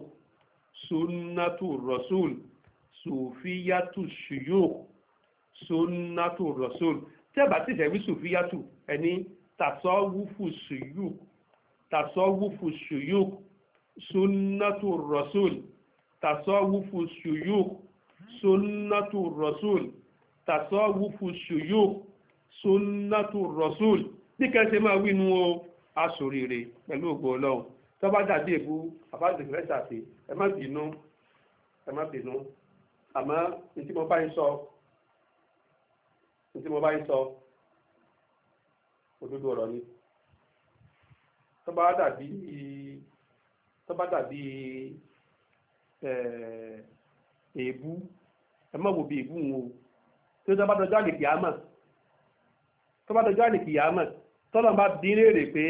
súnátù rọ̀súùlù sòfíyàtù ṣùyò súnátù rọ̀súùlù tẹ́bà tí ìfẹ́ wí sòfíyàtù ẹni tàṣọ́wúfù ṣùyò tàṣọ́wúfù ṣùyò súnátù rọ̀súùlù tàṣọ́wúfù ṣùyò sunnatu rasul tasawufu shuyukh sunnatu rasul bí kẹ́sì máa wí nu o aṣòrire pẹ̀lú ògbó ọlọ́run tó bá dàbí èbú àbájáde rẹ̀ ṣàṣe ẹ má bínú ẹ má bínú àmọ́ ní tí mo bá yín sọ ní tí mo bá yín sọ òdodo ọ̀rọ̀ ni tó bá dàbí tó bá dàbí èébú. Eh, ẹ mọ̀ wò bí ìbú wọn o tí wọ́n bá dọjọ́ àlèkì àmọ̀ tó bá dọjọ́ àlèkì àmọ̀ tọ́lọ̀ bá bí léèrè pé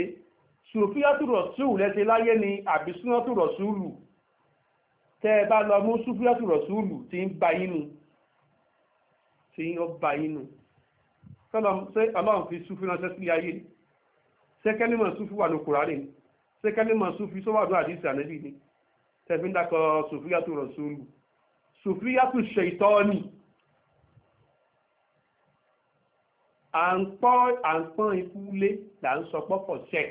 sùfíàtù rọ̀súù lẹ́sẹ̀ láyé ni àbí súnátù rọ̀súùlù tẹ́ ẹ bá lọ mú sùfíàtù rọ̀súùlù tí ń ba inú tí ń ba inú tọ́lọ̀ ṣé ọlọ́run fi sùfí ránṣẹ́ sí ayé ṣé kẹ́límọ̀ sùfí wà ní kùránì ṣé kẹ́límọ̀ sùfí sọ́wọ́dún àdìsí ànẹ́bí sùfíyàtù ṣèitọ́ọ̀nì à ń pọ́n ikú lé là ń sọ pọ́pọ̀ ṣẹ̀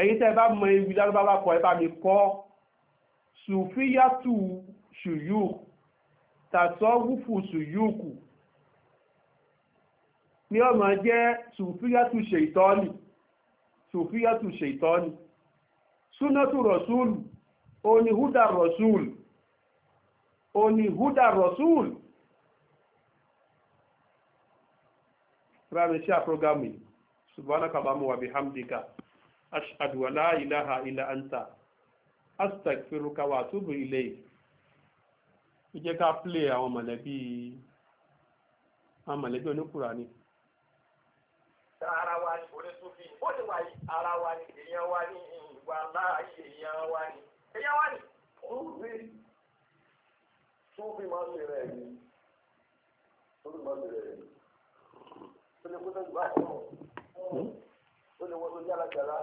ẹ̀yin tẹ́ ẹ bá mọ ewu lárúbáwá kọ ẹ bá mi kọ́ sùfíyàtù ṣùyùkù tàtọ́ wúfù ṣùyùkù ni ó máa jẹ́ sùfíyàtù ṣèitọ́ọ̀nì sùfíyàtù ṣèitọ́ọ̀nì súnátù rọ̀súùlù oni huda rasul oni huda rasul tunaameshia programu hii subhanaka allahumma wa bihamdika ashhadu an la ilaha illa anta astaghfiruka wa atubu ilayk ije ká play àwọn mọ̀lẹ́bí àwọn mọ̀lẹ́bí oníkùrà ni ara wa ni orí tó fi ó lè ara wa ni èèyàn wa ni ìwà láàyè èèyàn wa ni ẹ̀yà wá ní olùgbé tó fi máa ṣe rẹ̀ ní olùgbàṣe rẹ̀ ní tó lè kó tó gbà tó tó lè wọ́n tó jára jára.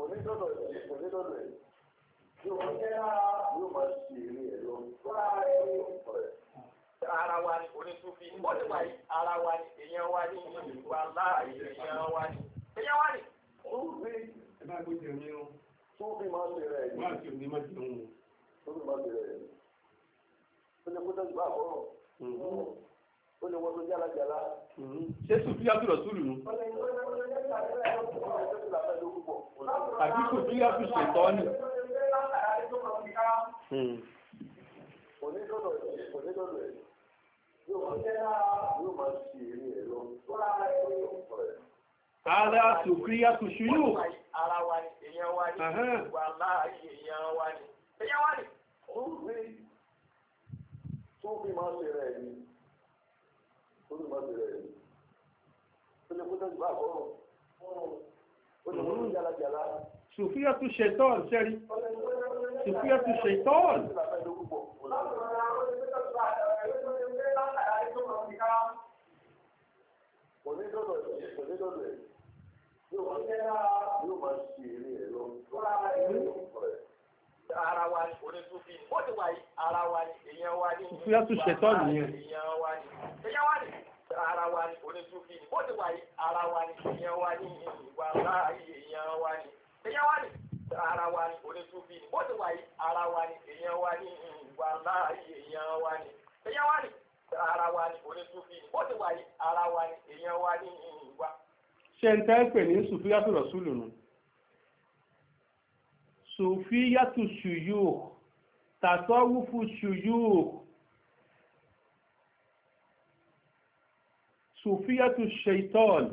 Onídọ́dọ̀ yìí, onídọ́dọ̀ yìí, yóò máa ṣe eré ẹ̀rọ. Wọ́n á rẹ̀ ní ọ̀pọ̀ rẹ̀ ara wa ni onísùfì ó ti wà yìí ara wa ni èèyàn wa ni ìwà láàyè èèyàn wa ni èèyàn wa ni. ó ń gbé ẹ̀ka gbèsè mi o. tó fi máa ń lè rẹ̀ máa ti ní máa ti hùn. tó fi máa ń lè rẹ̀ yìí. ó lè kó tó ó lè wọ́n tó jálajàla. ṣé sùfì àbúrò sùúrù nù. àbí sùfì àbúrò ṣètọ́ ni onídọ̀dọ̀ yìí onídọ̀dọ̀ yìí Ara tùkúríyá tù ṣúyù. Ara wa ni, èèyàn wa ni, wà láàáyé èèyàn wa ni. Èèyàn wa ni. Ó rí tó fi máa ṣe rẹ̀ ni. Tó fi máa ṣe rẹ̀ ni. Ó lè kó tẹ́jú bá àkọ́rọ̀. Ó lè kó tẹ́jú jálajàlá. Sùfíyà tù ṣètọ́n, ṣẹ́rí. Sùfíyà tù ṣètọ́n. Ó lè kó tẹ́jú bá ká Ara wa ni onítúbí, ó ti wà ara wa ni èèyàn wa ni. Òfin yàtú Èèyàn wa ni. Èèyàn wa ni. Ara wa ni onítúbí, ó ti wà ara wa ni èèyàn wa ni. Ìwà láàyè èèyàn wa ni. Èèyàn wa ni ara wa ni onítúbí, ó ti wà ara wa ni èèyàn wa ni. Ìwà láàyè èèyàn wa ni. Èèyàn wa ni ara wa ni onísùfì ni bó ti wà yìí ara wa ni èèyàn wa ní ìhìn wa. ṣé n tẹ́ ń pè ní sùfíyàtù rọ̀súlù nù sùfíyàtù ṣùyù tàtọ́wùfù ṣùyù sùfíyàtù ṣèitọ́ọ̀lù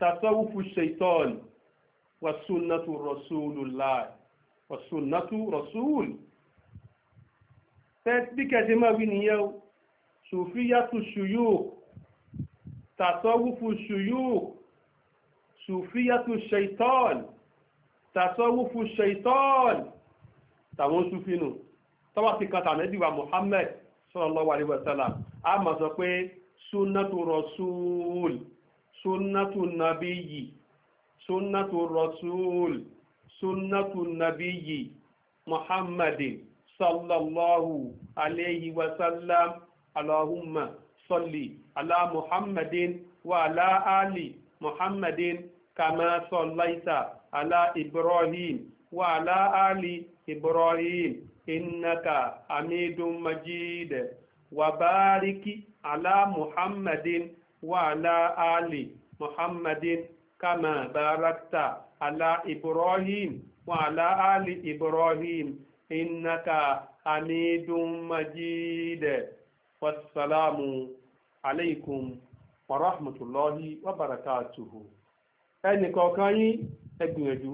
tàtọ́wùfù ṣèitọ́ọ̀lù wàsúnnàtù rọ̀súlù láì wàsúnnàtù rọ̀súlù. bí kẹ́sì máa wí nìyẹn o sùfíyàtù ṣùyúk tàtọ́wúfù ṣùyúk sùfíyàtù ṣèitọ́ọ̀lì tàtọ́wúfù ṣèitọ́ọ̀lì tàwọn sùfínù tọ́wọ́ ti kan tàmẹ́dì wa Muhammad sallallahu alaihi wasallam a máa sọ pé sunnatu rasul sunnatu nabiyyi sunnatu rasul sunnatu nabiyyi Muhammadin sallallahu alaihi wasallam. اللهم صل على محمد وعلى آل محمد كما صليت على إبراهيم وعلى آل إبراهيم إنك حميد مجيد وبارك على محمد وعلى آل محمد كما باركت على إبراهيم وعلى آل إبراهيم إنك حميد مجيد wasalaamu aleykum wa rahmatulahi wa barakatuhu ẹnì kọ̀ọ̀kan yín ẹ gbìyànjú